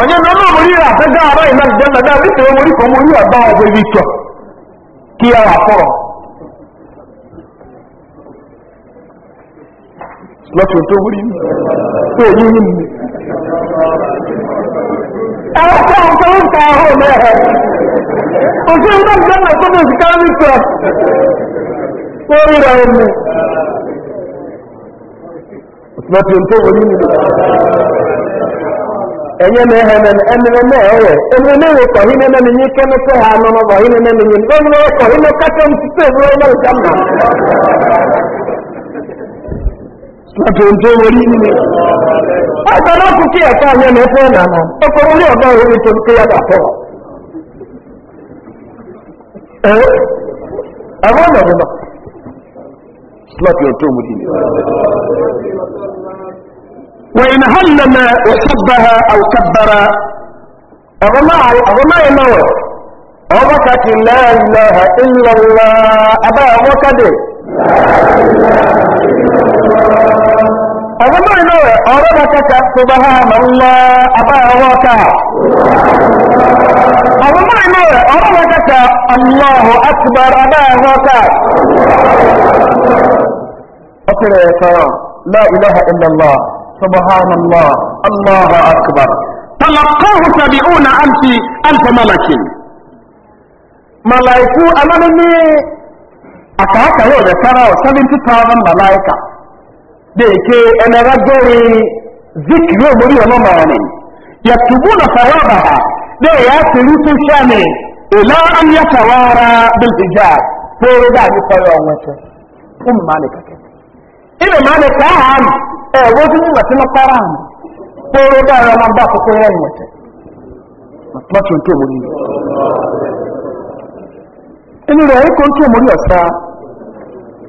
أنينا أنا مريرا فجاء رأينا الجنة دهنا بيته ومريكم مريرا باو غيبتي كيا وفرم lọ́tọ̀ tó wúrí tó yí yí Ẹ̀rọ tí a ń tọ́wọ́ ń ta ọ̀họ́ mẹ́rẹ̀. Òṣè ń bá ìjọba tó sọ. Ó rí tó wúrí Ẹ̀yẹ́ mi ẹni rẹ̀ Ẹni ní yín ha nọ́mọ́ ní yín. Ẹni ní kẹ́kẹ́ látòntó orí nínú ọ̀sán náà kú kí ẹ̀kọ́ àyẹ́ mẹ́fẹ́ ìlànà ọkọ̀ orí ọ̀dọ́ orí tó kí yàtọ̀ pọ̀ ẹ̀rọ àwọn ọ̀dọ́ náà látòntó orí nínú وإن هلم وسبها ọgbọ́n inú rẹ̀ ọ̀rọ̀ bá kẹta tó bá hàn mọ́ ńlá abáyọwọ́ ká ọgbọ́n inú rẹ̀ ọ̀rọ̀ bá kẹta aláhùn akbar abáyọwọ́ ká ọkùnrin rẹ̀ sọ̀rọ̀ láìláha ilẹ̀lá subhanallah allahu akbar talakahu sabi'una alfi alfa malaki malaiku alamini akaka yau da tara 70,000 malaika deke enabagori zikiri omuli omomani yaktubuna sawabaha de yasirutu shane ila an yatawara bilhijab fere da ni sayo onwete um malika ke ile malika am e wozu ni mati maparam fere da ya man ba ko fere onwete matwatu nto omuli inu re ko nto omuli osa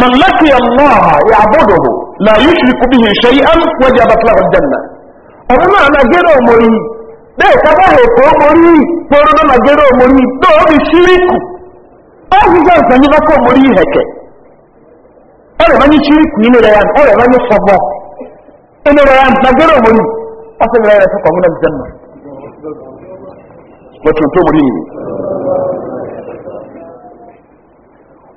من لقي الله يعبده لا يشرك به شيئا وجبت له الجنه ọmọ àmàgẹ́rọ òmòrí bẹ́ẹ̀ sábáhẹ̀ ẹ̀kọ́ òmòrí pẹ̀rọ àmàgẹ́rọ òmòrí tóóbi ṣíríkù ọ́gbígbà ìsànjú bá kọ́ òmòrí ìhẹ̀kẹ́ ọ̀rẹ̀ bá ní ṣíríkù inú rẹ̀ yàn ọ̀rẹ̀ bá ní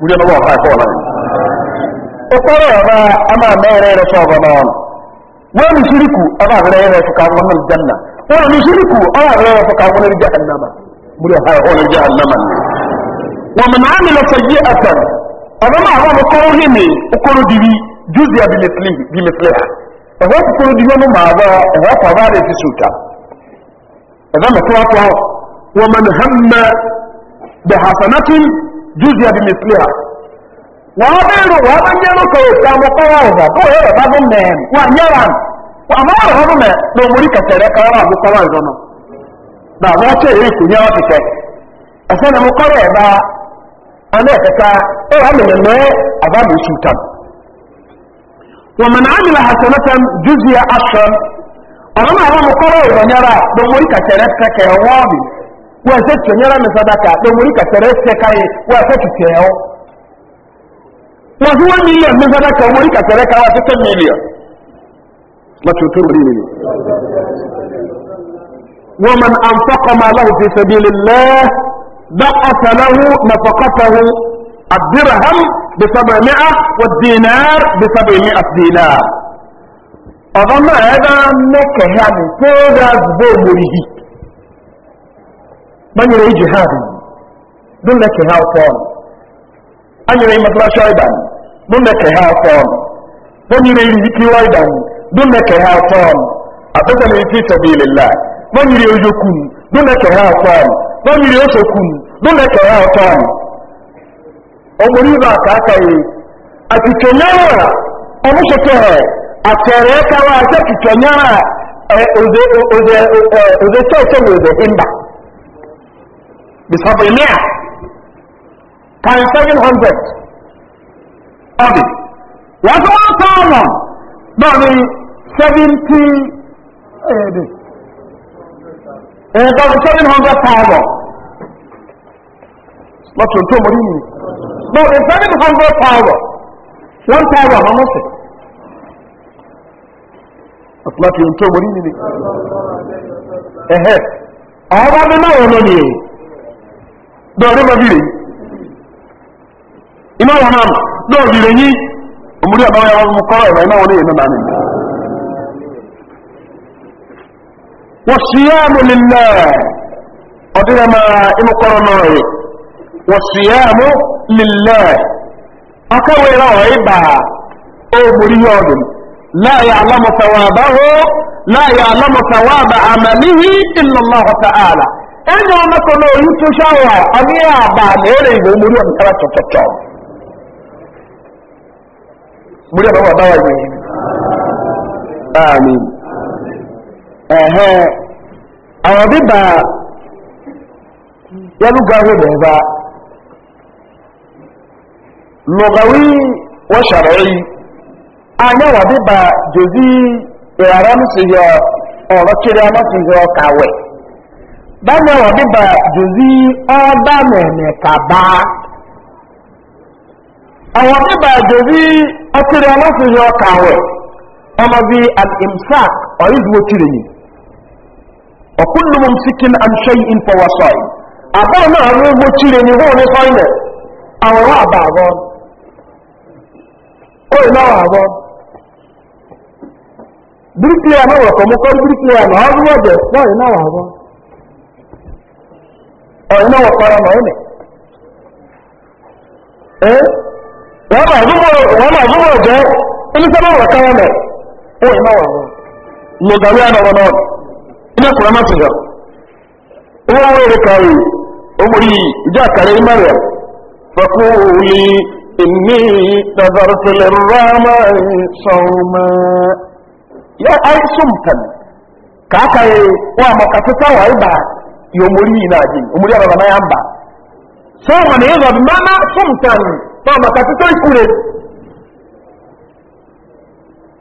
wuli ọmọ ọ̀fà ẹ̀kọ́ ọ̀la yìí. ọ̀pọ̀lọ̀ ọ̀bá ama mẹ́rẹ̀ rẹ̀ sọ ọ̀bọ̀ náà wọ́n ní síríkù ọba àbẹ̀rẹ̀ rẹ̀ fọkà wọn ní jẹ́nà wọ́n ní síríkù ọba àbẹ̀rẹ̀ rẹ̀ fọkà wọn ní jahannama wuli ọ̀fà ẹ̀kọ́ ní jahannama. wọ́n mọ̀ náà nílò sọ yí ẹ̀sán ọba máa wọ́n kọ́rọ́ ní mi kọ́rọ́ dibi júùsì àbímẹ́tìlẹ̀ ẹ̀họ́ kọ́rọ́ dibi ọmọ màá bọ́ ẹ̀họ́ kọ́ ọba rẹ̀ ti sùkà ẹ̀dá mẹ́tọ́ wọ́n mọ̀ ní hàmẹ́ bẹ̀hàsánátì juzia bimisliha wabeeru wabanyero kawesa mukowooza bohere bagumeem wanyaran amaara bagume n'omuli katere kawala agukola zono dabwaki eri ewamenene abamishutan waman amila hasanatan juzia ashran abana abamukowooza nyara n'omuli katere kakeewoobi wɛsɛ tonyɛra mi sadaka lomori kɛtɛrɛ tɛ ka ye wɛsɛ tutɛ o wɔsi wɔn miliyɔn mi sadaka lomori kɛtɛrɛ ka wɛsɛ tɛ miliyɔn mɔtò tó wuli nìyí. ومن أنفق ما له في سبيل الله ضعف له نفقته الدرهم بسبعمائة والدينار بسبعمائة دينار أظن هذا نكهة تورز بومره banyere iji ha dum na afọ ọnụ anyere imatrasha ịdan dum afọ banyere iri kiwa ịdan ha afọ ọnụ abụkwa na banyere dum na afọ banyere dum na afọ ọnụ ibe aka aka yi ati ọmụsọtọ ha atẹrẹ kawa ati kenyara ọzọ ọzọ ọzọ ọzọ the sovereign mayor carry 700 of it eh, ya zama tell na eh, no I mean 17 eh 700,000 no 700,000 1,000,000 no no 700,000 no not 700,000 no no 700,000 no no 700,000 no no 700,000 no no 700,000 no no 700,000 no no 700,000 no no 700,000 no no dɔɔre ma bire ima wɔn nam dɔɔ bire nyi omuri a bawo ya wɔn kɔrɔ ɛwɔ ima wɔn yɛ nana ne wasiyaamu lila ɔdi yɛ ma ima kɔrɔ nɔɔ ye wasiyaamu lila aka wɔ omuri yɛ ɔdi ẹni ọmọ kan náà yìí tó ṣáwà ọní àbà lẹ́rẹ̀ ìwé múrí ọ̀nà tọ̀tọ̀tọ̀ múrí ọ̀nà bàbá wà yìí báàmì ẹ̀hẹ́ àwọn bíbà yálùgá wò lè bá lọ́gàwí wọ́n ṣàrọ̀ yìí àyẹ̀wò bíbà jòzí ọ̀rọ̀ kiri bẹ́ẹ̀ni ọ̀rọ̀ bíbà dùzí ọba mẹ̀mẹ̀ kàbá ọ̀rọ̀ bíbà dùzí ọtúrẹ ọlọ́sùnjẹ ọkàwẹ̀ ọmọ bíi al-imsak ọ̀yídùwó tìrẹ̀ sikin ọ̀kúnnù mọ̀ síkín àmṣẹ́ yìí ń fọwọ́ sọ́yì àbọ̀rọ̀ náà ló wó tìrẹ̀ yìí wọ́n ní sọ́yìnẹ̀ àwọn àbà àbọ̀ ó yìí náà àbọ̀ bíríkìlì àmọ́ wọ̀kọ̀ mọ́kọ́ bíríkìlì àmọ́ ọdún wọ́n yìí náà àbọ̀ ọ̀yìnà wọ̀kọ́ra mọ̀ ẹ́nì ẹ́ wọ́n máa zúbọ̀ jẹ́ oníṣẹ́bọ̀ wọ̀kọ́ra mọ̀ ọ̀yìnà wọ̀rọ̀ lọ́gàrí ànàrọ̀ náà ilé kùrọ̀ máa tìjọ owó owó èrè kàrí omori ìjọ àkàrẹ ìmọ̀rẹ̀ fọkúrì inni tazartulin rama ya ai sumtan ka aka yi wa makasita yomori na ji omori ababa na ya mba so wọn ni yọzọ mama sumtan na ọmọka títọ ikure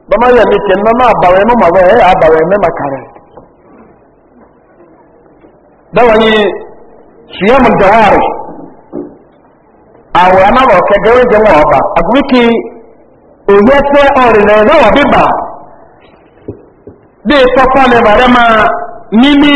bama yẹ mi kẹ mama abawa ẹmọ ma wẹ ẹ abawa ẹmẹ makara dáwọn yìí suyamu jawari àwọn anáwọ kẹgẹrẹ jẹmọ ọba àgùnmíkì òye ẹsẹ ọrìn náà náà wà bíbà bí ìtọ́kọ́ ni bàrẹ́ máa níní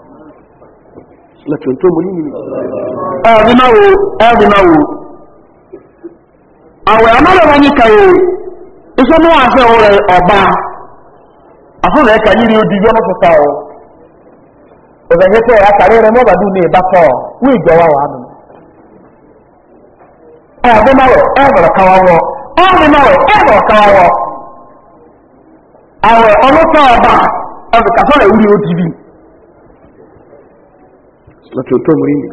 lẹ́tọ̀ tó mọ̀ nínú ẹ̀rùnáwó ẹ̀rùnáwó àwẹ̀ amọ́lẹ̀wọ́ ní kàyè iṣẹ́ mú àṣẹ rẹ̀ ọba àfúnrẹ̀ kàyè ní odi yọ́nà fọ́fà ọ́ ọ̀bẹ̀yẹ́tẹ̀ àtàrí rẹ̀ mọ́bàdú ní ìbátọ̀ wí ìjọwà wà nù ma teoto murimu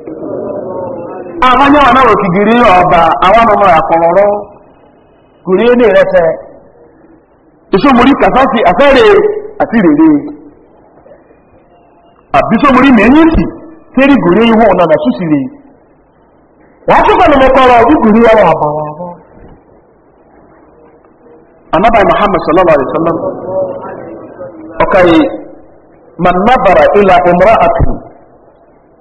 ahuwa ya na wakigiri ya ba awonu mawa kwawara guri ne ya rata iso muri ƙazafi afere a tiridiri abisomuri mai teri guri ihe ona na susiri wa ashe kan na motowa yi guri yawa ba a nabar mahammasi salama a ritala ọkai nabara ila emura'atun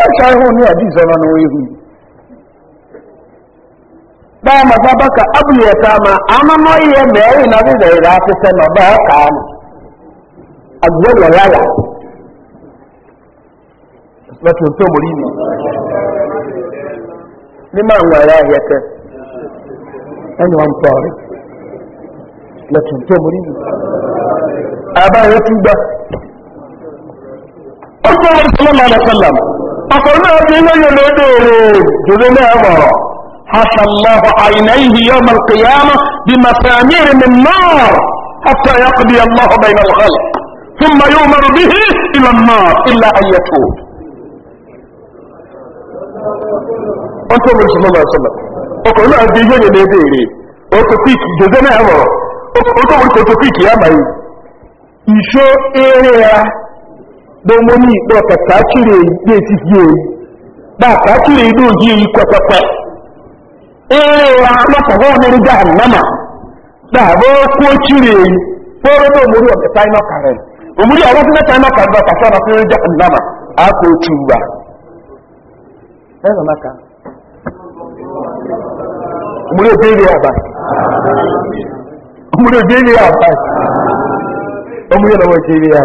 ẹ̀ṣà ihun ní ẹ̀dí ìsọ́nà ní orí ihun bá a màtá bákà abúlẹ̀ta ma amọ́mọ́ iye mẹ́rin na bí ìrẹ̀ afẹ́fẹ́ nà bá ọkà na agbẹ́lẹ̀ ya lọ́tún tó mú rí mi ní máa ń wà ahịa àyẹ̀kẹ́ ẹni wọn tọ́ rẹ̀ lọ́tún mụrụ mú rí أفرنا بما يلدون جذنا أمر حشى الله عينيه يوم القيامة بمسامير من نار حتى يقضي الله بين الخلق ثم يؤمر به إلى النار إلا أن يتوب أنتم صلى الله عليه وسلم أفرنا بما يلدون أتفيك جذنا أمر أتفيك يا مي إشو إيه gbogbo ní ìpọ̀ kàkàkiri ìgbé ti fi èyí na kàkiri ìlú òjì yìí pẹpẹpẹ eré alákọ̀ọ́ na jà nàmà dàbọ̀ kiri èyí fọ́rọ́ tó mórí ọ̀bẹ táínà kàrẹ̀ òmúrí ọ̀rọ̀ tó mẹ́ta náà kàrẹ̀ bàtà sọ́nà fún jà nàmà a kò tù wà. ẹnà maka òmúrí òbí ilé a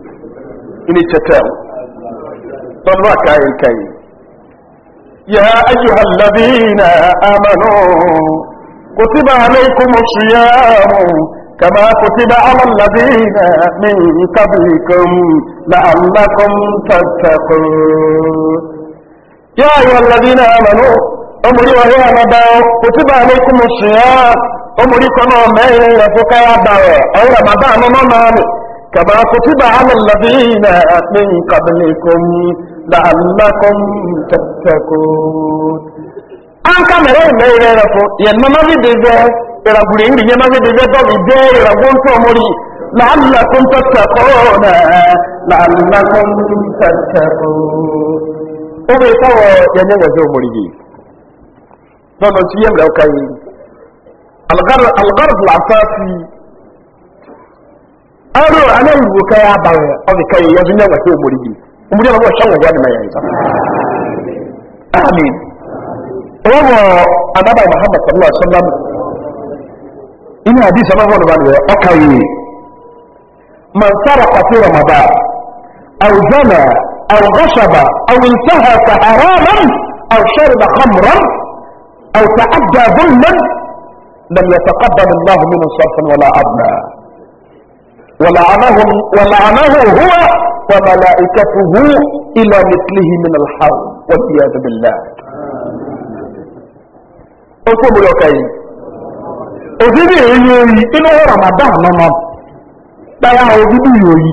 إني تتاو ضرك الكي يا أيها الذين آمنوا كتب عليكم الصيام كما كتب على الذين من قبلكم لعلكم تتقون يا أيها الذين آمنوا أمري وهي مدعو كتب عليكم الصيام أمري كنا مين يفكى يدعو أولا مدعو ممامي كما كتب على الذين من قبلكم لعلكم تتقون an kamere ime ire rafu yan mamazi deze iraguri iri nye mazi deze dobi de iragun to mori la'allakum tattaquna la'allakum tattaqun o be tawo yan nye wazo mori gi no no ci yem da kai al-gharb al-gharb al-asafi aro anaibuka yabawe obikaye yazunya wake omuligi omuli abo shango gwadi mayanza amin obo anaba muhammad sallallahu alaihi wasallam ina hadisi ambayo ndo bani okayi man sarqa fi ramadan aw zana aw ghashaba aw intahaka haraman aw shariba khamran aw ta'adda dhulman lam yataqabbal allah minhu sarfan wala adna ولعنهم ولعنه هو وملائكته إلى مثله من الحرب والعياذ بالله أنتم يوكاي أزيد يوي إنه رمضان نما دايا أزيد يوي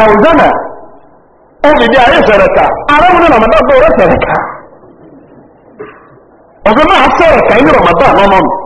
أو زنا أزيد أي سرقة أرامنا رمضان دورة سرقة أزنا أسرقة إن رمضان نما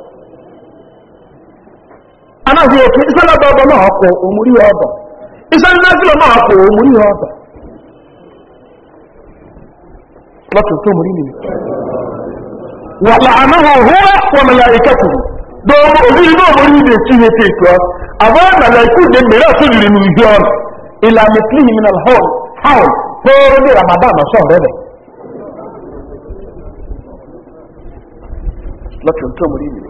anaghị oke isalaba ọbọ náà ọkọ òmùrí ọbọ isalaba náà ọkọ òmùrí ọbọ ya ọba mùrí nìyí wà láàánúhù húwá wà mẹ́láìkẹ́kù dọ́ọ̀mù òbírí náà mọ̀rí ìdè tí yé ya tó àwọn mẹ́láìkù dé mẹ́rẹ́ tó lè nù ìjọ ọ̀nà ìlànà ìpínlẹ̀ mineral hall hall fẹ́ẹ́rẹ́ ní ramadan ọ̀sán rẹ̀ rẹ̀ lọ́tọ̀ tó mùrí nìyí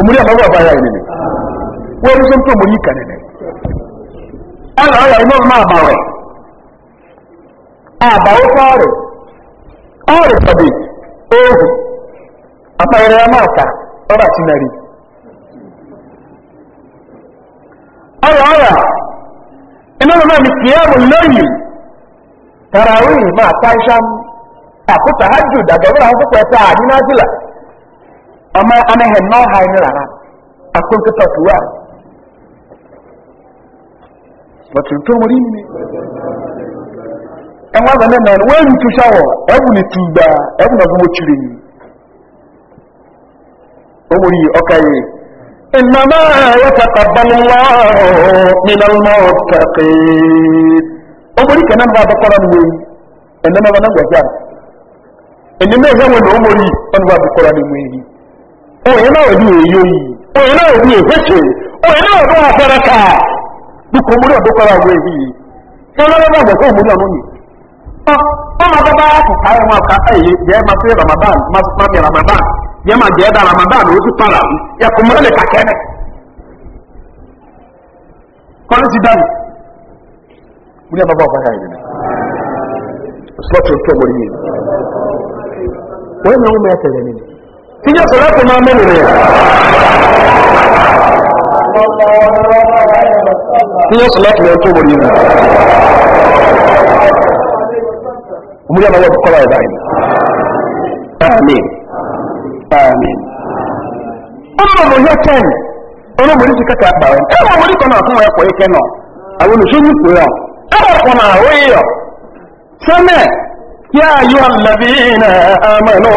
omuli amabu abaya enene weebuze omuti omuli kanene ana oyo alina oluma abawe abawe kaale ale kabi ovu amayira yamaaka oba kinali aya ma enolomani kiyamu loyi tarawih maakanshamu akutahajjud agabulaho kukweta ani nazila ama ama hɛn e e na ɔha ne rara akonkota tuwa wɔtuntun ɛnwa ne nan enu tusa wɔ ɛbu ne ɛbu na ɔbɛn wɔkyerɛ yi ɔmu yi ɔka yi. إنما يتقبل الله من المتقين أمري كان أنا بقرا مني إنما أنا بجار إنما هو أمري أنا onye náà ní èyí onye náà ní èfèkè onye náà ní ọ̀fẹ́rẹ́ ká dùkọ̀ múlẹ̀ ọ̀dọ́kọ̀rọ̀ àwọn èyí yìí ṣé lọ́wọ́ bá gbẹ̀kọ́ múlẹ̀ ọ̀nà ni. ọmọ bàbá àkùkà ka wọn kà ẹ̀ yé ma ramadan ma fi pàmì ramadan ya ma jẹ́ da ramadan o ti para yẹ kò ya lè kàkẹ́ ya kọ́ni ya ya ya ìjọ sọ̀rọ̀ kò máa mẹ́rin rẹ̀ ìjọ sọ̀rọ̀ kò yẹ tó wòlí rẹ̀ omúlẹ̀ ọmọ yóò kọ́lá ẹ̀dá yìí ààmìn ààmìn ọmọ ọmọ yẹ kẹ́n ọmọ orí ti kẹ́kẹ́ àgbà rẹ̀ ẹ̀rọ orí kan náà fún wọn ẹ̀kọ́ ikẹ́ náà àwọn olùsọ́yìn kò yọ ẹ̀rọ kan náà ó yẹ sẹ́mẹ̀ yá ayọ́ àlàbí náà àmàlọ́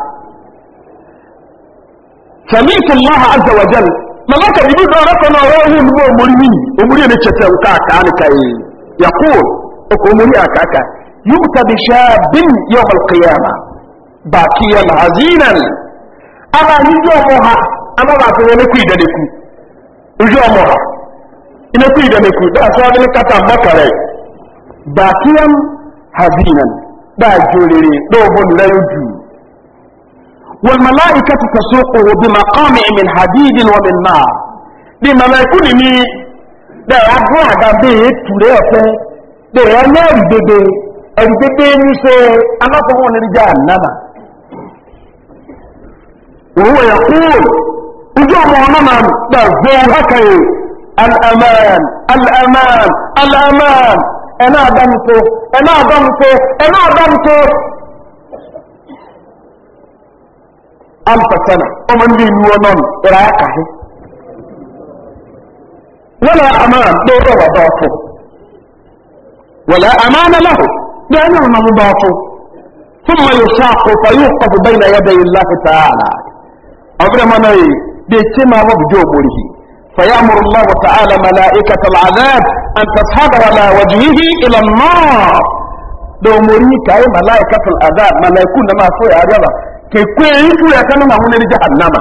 سميت الله عز وجل ما جبريل قال لك انا راهو نبو مريني ومريني نتشتا وكاكا انا كاي يقول اكومري اكاكا يؤتى بشاب يوم القيامه باكيا حزينا انا نجو أما انا باكي ونكو يدنكو نجو موها inakwu idaniku da sabi ni kata bakare bakiyan hazinan da jorere da obun والملائكة تسوقه بمقامع من حديد ومن نار بما لا يكون مي ده أبوا دابي تلافة ده أنا بدي أبدي نسي أنا فهون رجال نما وهو يقول وجوه مهنما ده زين هكي الأمان الأمان الأمان أنا دمته أنا دمته أنا دمته ألف سنة ومن دين iwu ọnọ ولا أمان ha وضعفه ولا أمان له لأنه wala amana ثم يساق فيوقف بين يدي الله تعالى أبدا ما نوي بيتما وبجوب له فيأمر الله تعالى ملائكة العذاب أن تصحب على وجهه إلى النار دو مريكا ملائكة العذاب ملائكون ما فوي عريضا kekwe ifu ya na jahannama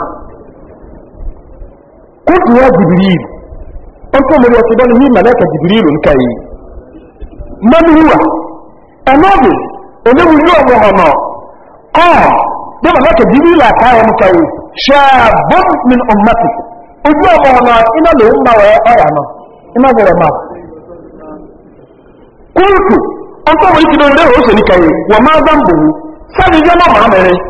kutu ya onto mwili wa kidani malaika jibril nkai mani huwa anabi enewu yuwa muhama kaa ah, malaika jibril akaya nkai shabon min ummati ujua muhama ina le umma wa aya ina ma kutu onto ose nikai wa ma sabi jama mere.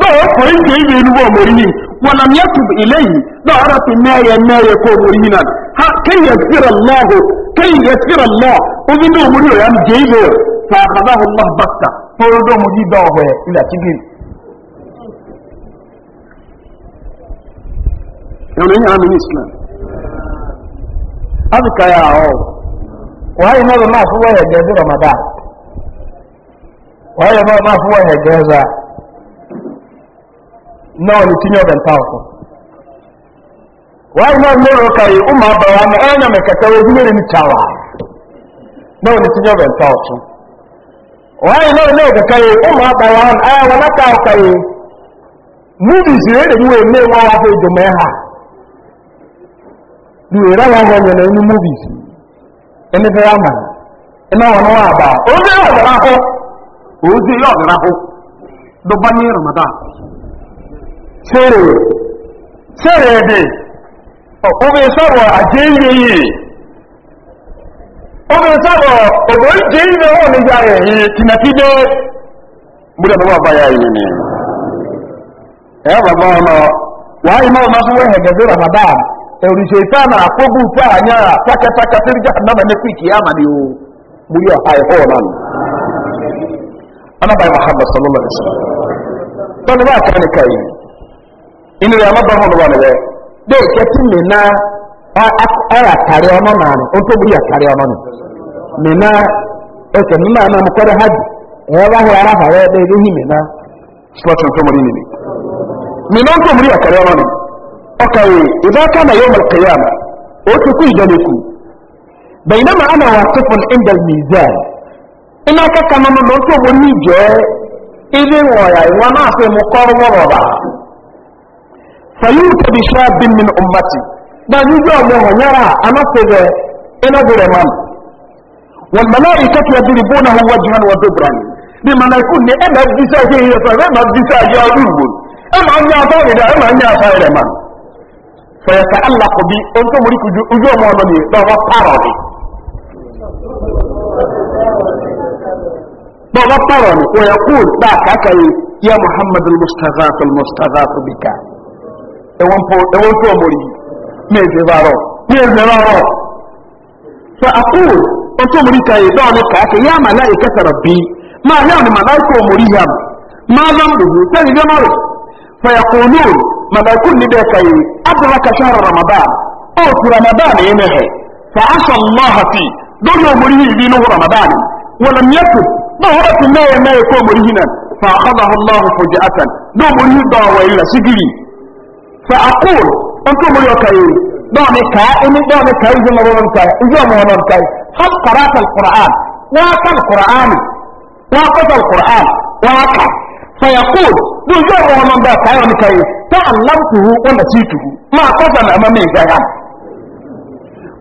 dɔw kɔri kɛ i bɛ yen wɔ mori yi na lam yatub ilayhi dɔw yɛrɛ tɛ k'o na ha kɛ yɛ sira lɔɔho kɛ yɛ sira lɔɔ o bɛ n'o mori yɛ yan jɛ allah bakta fɔlɔ dɔw mu di dɔw hɛ ila y'a náà ní tíyàn ọ̀bẹ̀ ntá ọ̀tọ̀ wáyé náà mẹ́rin ọkà yìí ó máa bàwá ní ẹ̀yà mẹ́kẹ̀kẹ́ ojú mẹ́rin ní tàwà náà ní tíyàn ọ̀bẹ̀ ntá ọ̀tọ̀ wáyé náà sere sere e dị obi sọrọ ajé ihe yìí ihe wọn nígbà yìí tìmẹtìdé gbọdọ ya àbáyá yìí ya ẹ bàbá ọlọ wàá yìí máa máa fún ẹgẹdẹ ramadan a ya ni o ya sallallahu alaihi wasallam ba ne inú rẹ̀ ọmọ ya bọ́mọ̀ rẹ̀ dé ìkẹ́ tí mìíná ọ̀rọ̀ àtàrí ọmọ náà rẹ̀ ó tó burú àtàrí ọmọ nì mìíná ẹsẹ̀ mìíná náà mo kọ́ra hajj ẹ̀rọ bá hẹ ara fàrẹ́ ẹ̀dẹ́ ilé yìí mìíná slọ́ọ̀tì tó mú mìíná tó mú rí ọmọ ọkà ìbá yóò ó kú iná náà náà فيوت بشاب من أمتي بل يجوا مهنيرا أنا سيدي إنا برمان والملائكة يضربونه وجها ودبرا لما يكون أنا الدساء هي أنا الدساء يا أولون أما أن يعطار إلى أما أن يعطار إلى من بي أنت مريك أجوا مهنيرا لغا طاربي لغا طاربي ويقول ذاك يا محمد المستغاث المستغاث بك ẹ̀wọ̀n tó ọmọrí méje bárọ̀ o. bárọ̀ sọ àkúrò ohun tó ọmọrí ka yìí dọ́ọ̀ni kàákẹ́ yá ma ya bí máa yá ni màlá ìkọ ma yá mi máa lọ́n lòdù sẹ́yìn Fa ya fẹ̀yàkùnú màlá ìkú ní ka yìí ramadan ó ramadan yìí e mẹ́hẹ̀ fa aṣọ Allah fi lórí ọmọrí yìí bí lóhùn ramadan wọlé miẹ́tù náà wọ́n ti mẹ́yẹ فأقول أنتم اليوكي دوني كائن إني كائن كاي كائن مرون كائن إذا مرون كاي هل قرأت القرآن واقع القرآن واقع القرآن واقع فيقول نجر ومن ذاك كائن كائن تعلمته ونسيته ما قدم نعم أمامي جايان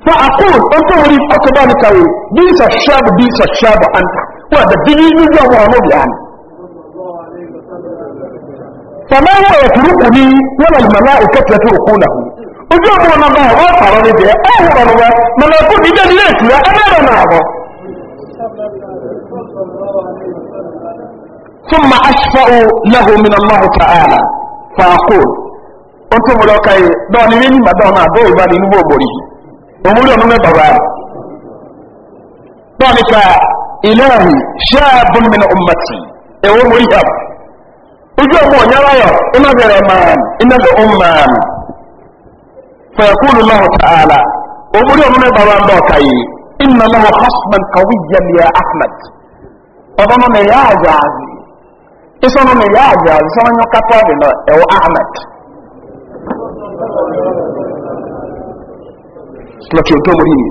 فأقول أنتم اليوكي دوني كاي بيس الشاب بيس الشاب أنت وهذا دليل نجر ومن ذاك فما هو يتركني ولا الملائكة يتركونه ojú ọmọ ọmọ ọmọ ọmọ ọ̀rọ̀ ní jẹ́ ọ̀hún ọ̀rọ̀ wẹ́ mọ̀lẹ́kù ní jẹ́ nílé ìtura ẹgbẹ́rẹ̀ náà bọ̀. ثم أشفأ له من الله تعالى فأقول أنتم ملوكي دوني من ما دونا دو إبادي نبو بوري ومولي أنه بابا دونك إلهي شاب من أمتي أول ويهب ojú ọmọ ọ̀nyára yọ iná bẹ̀rẹ̀ máa iná bẹ̀ ó máa fẹ̀kúlù náà tààlà òmùrí ọmọ mẹ́ta wa ń bọ̀ ọ̀ka yìí iná náà hosman kàwé yẹlẹ ahmed ọ̀dọ́ náà nà yà àjà àzì isọ́ náà nà yà àjà àzì sọ́nà ahmed. Lọ́kì ọjọ́ mo yìí.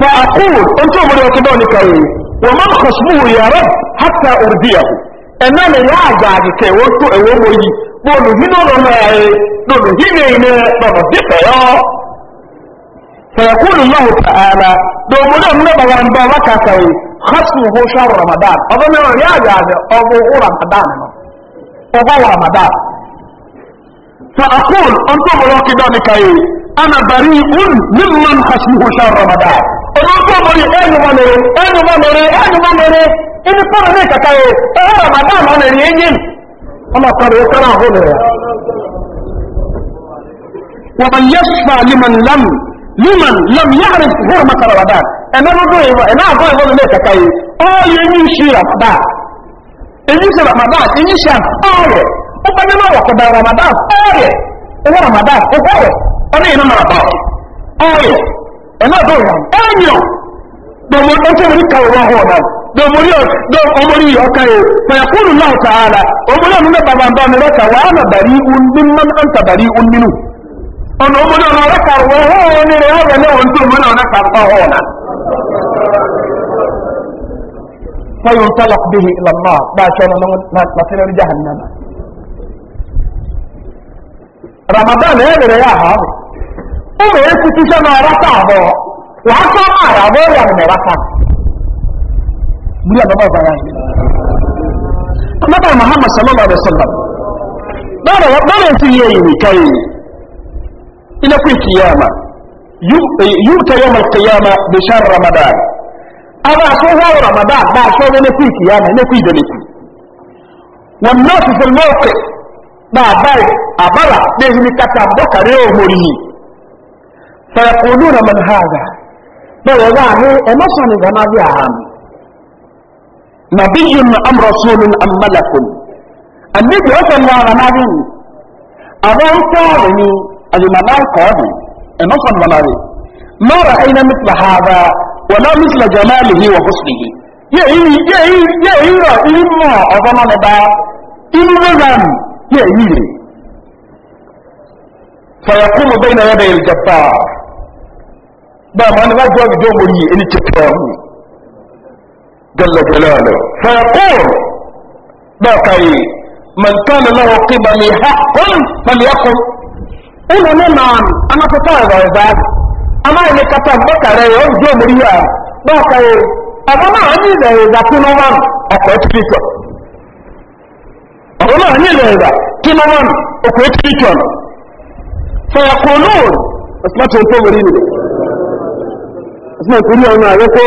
Fa àkúrò, ohun òmùrí ọtí bọ́ọ̀ ní kàwé, wọ́n máa ń yàrá hàtà òrùbíyàwó. ẹ̀nà ni yá àgbà àgbẹ̀kẹ̀ wọ́n tó ẹ̀wọ́ mọ́ yìí bọ́ọ̀lù nínú ọ̀nà ẹ̀ lọ́nà yìí ní ọ̀nà dípẹ̀ yọ́ fẹ̀yẹ̀kúlù lọ́wọ́ tààlà lọ́gbọ́dọ̀ mú lọ́bà wọn bá wá kàkàwé hásùn hó ṣàrò ramadan ọdún mẹ́rin yá àgbà àgbẹ̀ ọgbọ̀ ó ramadan nù ọgbọ̀ wọ ramadan fẹ̀yẹ̀kúlù ọ̀ntọ́ mọ̀lọ́ kí dọ́ nìkàyè ana bari un mímman hásùn hó ṣàrò ramadan ọdún tó mọ̀ ibi fọ́nà ní kàkà yìí ẹ̀rọ ramadan ọ̀nà èyí yìí ọmọ sọ̀rọ̀ yóò sọ̀rọ̀ àhóbẹ̀ rẹ̀ wọ́n bá yẹ fà liman lam liman lam yàrá ìfúhùr maka ramadan ẹ̀nà gbogbo ìwọ ẹ̀nà àgọ́ ìwọ ní kàkà yìí ó yẹ ní ṣe ramadan èyí ṣe ramadan èyí ṣe ọ̀rẹ̀ ó bá nínú ọ̀kọ̀dà ramadan ọ̀rẹ̀ owó ramadan ọ̀rẹ̀ ọ̀rẹ̀ ìnà ramadan ọ̀rẹ̀ ẹ̀nà àgọ́ ìwọ ẹ̀yàn gbogbo ọjọ́ orí kàwé wọn hàn náà domori ọka yẹ fẹ̀yàkúrù náà tààlà omori ọ̀nà bàbá bá mi rọ́kà wà ánà bàrí un nínú ọ̀ntà bàrí un nínú ọ̀nà omori ọ̀nà rọ́kà wọ́n wọ́n ní rẹ̀ ọ̀rẹ́ náà wọ́n tó omori ọ̀nà kà fà họ́ ọ̀nà fẹ́yùn tọ́lọ̀ bíhi ìlànà bá ṣe ọ̀nà lásìrẹ́ rí jahan náà ramadan ẹ̀ rẹ̀ yà ha ọmọ èkútú sẹ́nu ọ̀rọ̀ tààbọ̀ wàá sọ́ muri ababa baraye annabi muhammad sallallahu alaihi wasallam dara dara tiye yi kai ila ku kiyama yuta yawm alqiyama bi shahr ramadan aba so wa ramadan ba so ne ku kiyama ne ku dole ku wannan fi mawqi ba bai abara ne ni kata bakare o mori fa yaquluna man hada ba wa ne e masani gama bi ahami نبي أم رسول أم ملك النبي صلى الله عليه وسلم أظن تعلمي أجل ملائكة أبي أنا صلى الله عليه ما رأينا مثل هذا ولا مثل جماله وحسنه يا يا إيه إيه يا إيه يا إيه ما أظن أنا با نبا يا إيه فيقوم بين يدي الجبار بما أنا لا جواب دومري إني تكرهني جل جلاله فيقول باقي من كان له قبلي حق فليقل ina ne ma ana fata ga ba amma ne ka tabbata rai yau je muriya ba kai amma ma ani da da kuno ba akwai tikito amma ma ani da da kuno ba akwai tikito fa yaqulun asmatu tawri asmatu tawri na yako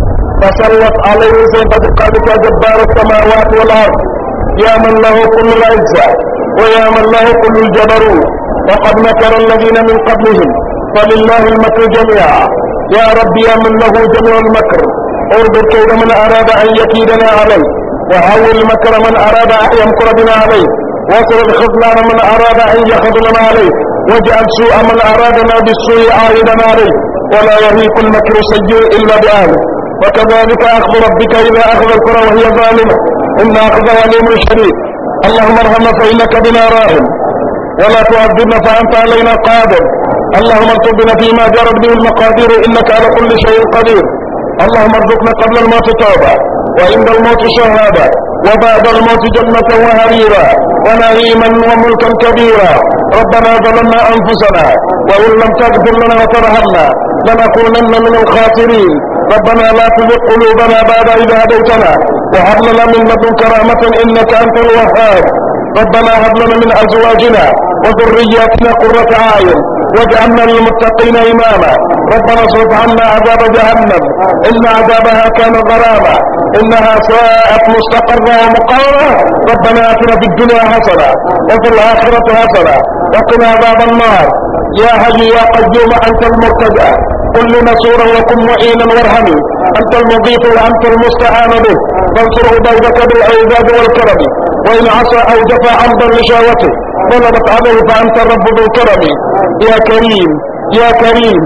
فصلت عليه زينب قادك جبار السماوات والارض يا من له كل العزه ويا من له كل الجبروت وقد مكر الذين من قبلهم فلله المكر جميعا يا رب يا من له جميع المكر اربط كيد من اراد ان يكيدنا عليه وهول مكر من اراد ان يمكر بنا عليه وصل خذلان من اراد ان يخذلنا عليه واجعل سوء من ارادنا بالسوء عائدا عليه ولا يهيق المكر سيء الا باهله وكذلك أخذ ربك إذا أخذ الكرة وهي ظالمة إن أخذها وليم الشريف اللهم ارحمنا فإنك بنا راهم ولا تعذبنا فأنت علينا قادر اللهم بنا فيما جرت به المقادير إنك على كل شيء قدير اللهم ارزقنا قبل الموت توبة وعند الموت شهادة وبعد الموت جنة وهريرا ونعيما وملكا كبيرا ربنا ظلمنا أنفسنا وإن لم تغفر لنا وترحمنا لنكونن من الخاسرين ربنا لا تزغ قلوبنا بعد إذا هديتنا وهب لنا من لدنك رحمة إنك أنت الوهاب ربنا هب لنا من أزواجنا وذرياتنا قرة عين واجعلنا للمتقين إماما ربنا اصرف عنا عذاب جهنم إن عذابها كان غراما إنها ساءت مستقرة ومقامة ربنا آتنا في الدنيا حسنة وفي الآخرة حسنة وقنا عذاب النار يا هدي يا قيوم أنت المرتجى كن لي نصورا وكن معينا وارحم أنت المضيف وأنت المستعان به فانصر عبادك بالعباد والكرم وإن عصى أو جفى عمدا لشاوته غلبت عليه فأنت الرب ذو الكرم يا كريم يا كريم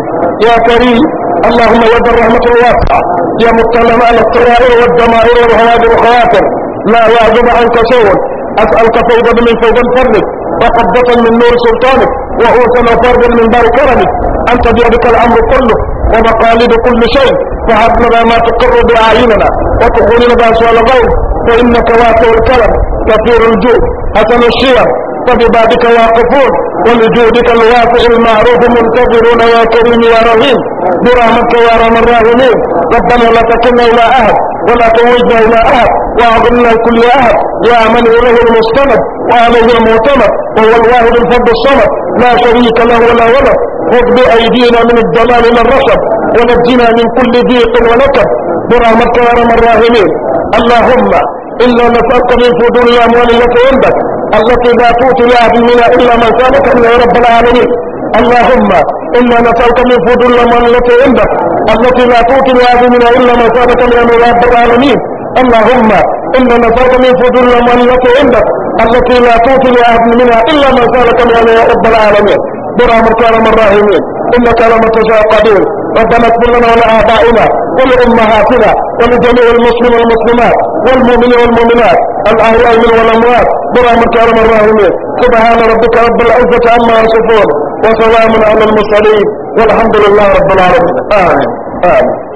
يا كريم اللهم يد الرحمة الواسعة يا مطلع على الطوائر والدمائر والهوادر والخواتر لا يعجب عنك شيء أسألك فوضى من فوضى فردك وقبضة من نور سلطانك وهو سنفرد من بار كرمك أنت بيدك الأمر كله ومقاليد كل شيء فهب لنا ما تقر بأعيننا وتقول لنا سؤال الغيب فإنك واسع الكلام كثير الجود حسن الشيم فببابك واقفون ولجودك الواسع المعروف منتظرون يا كريم يا رحيم برحمتك يا رحم الراحمين ربنا لا تكلنا إلى أحد ولا توجنا إلى أحد وأعظمنا كل أحد يا من له المستند وعليه المعتمد وهو الواحد الفرد الصمد لا شريك له ولا ولد خذ بأيدينا من الضلال من الرشد ونجنا من كل ضيق ونكد برحمتك يا رب الراحمين اللهم إلا نسألك من فضول الأموال التي عندك التي لا تؤتي لها إلا من سألك من يا رب العالمين اللهم إلا نسألك من فضول الأموال التي عندك التي لا تؤتي لها إلا من سألك من يا رب العالمين اللهم إن نفاق من فضل من عندك التي لا توتي لأحد منها إلا ما سألك من يا رب العالمين برام من راهمين إنك لما تشاء قدير ربنا اغفر لنا ولآبائنا ولأمهاتنا ولجميع المسلمين والمسلمات والمؤمنين والمؤمنات الأحياء من والأموات برام من راهمين سبحان ربك رب العزة عما يصفون وسلام على المرسلين والحمد لله رب العالمين آمين آمين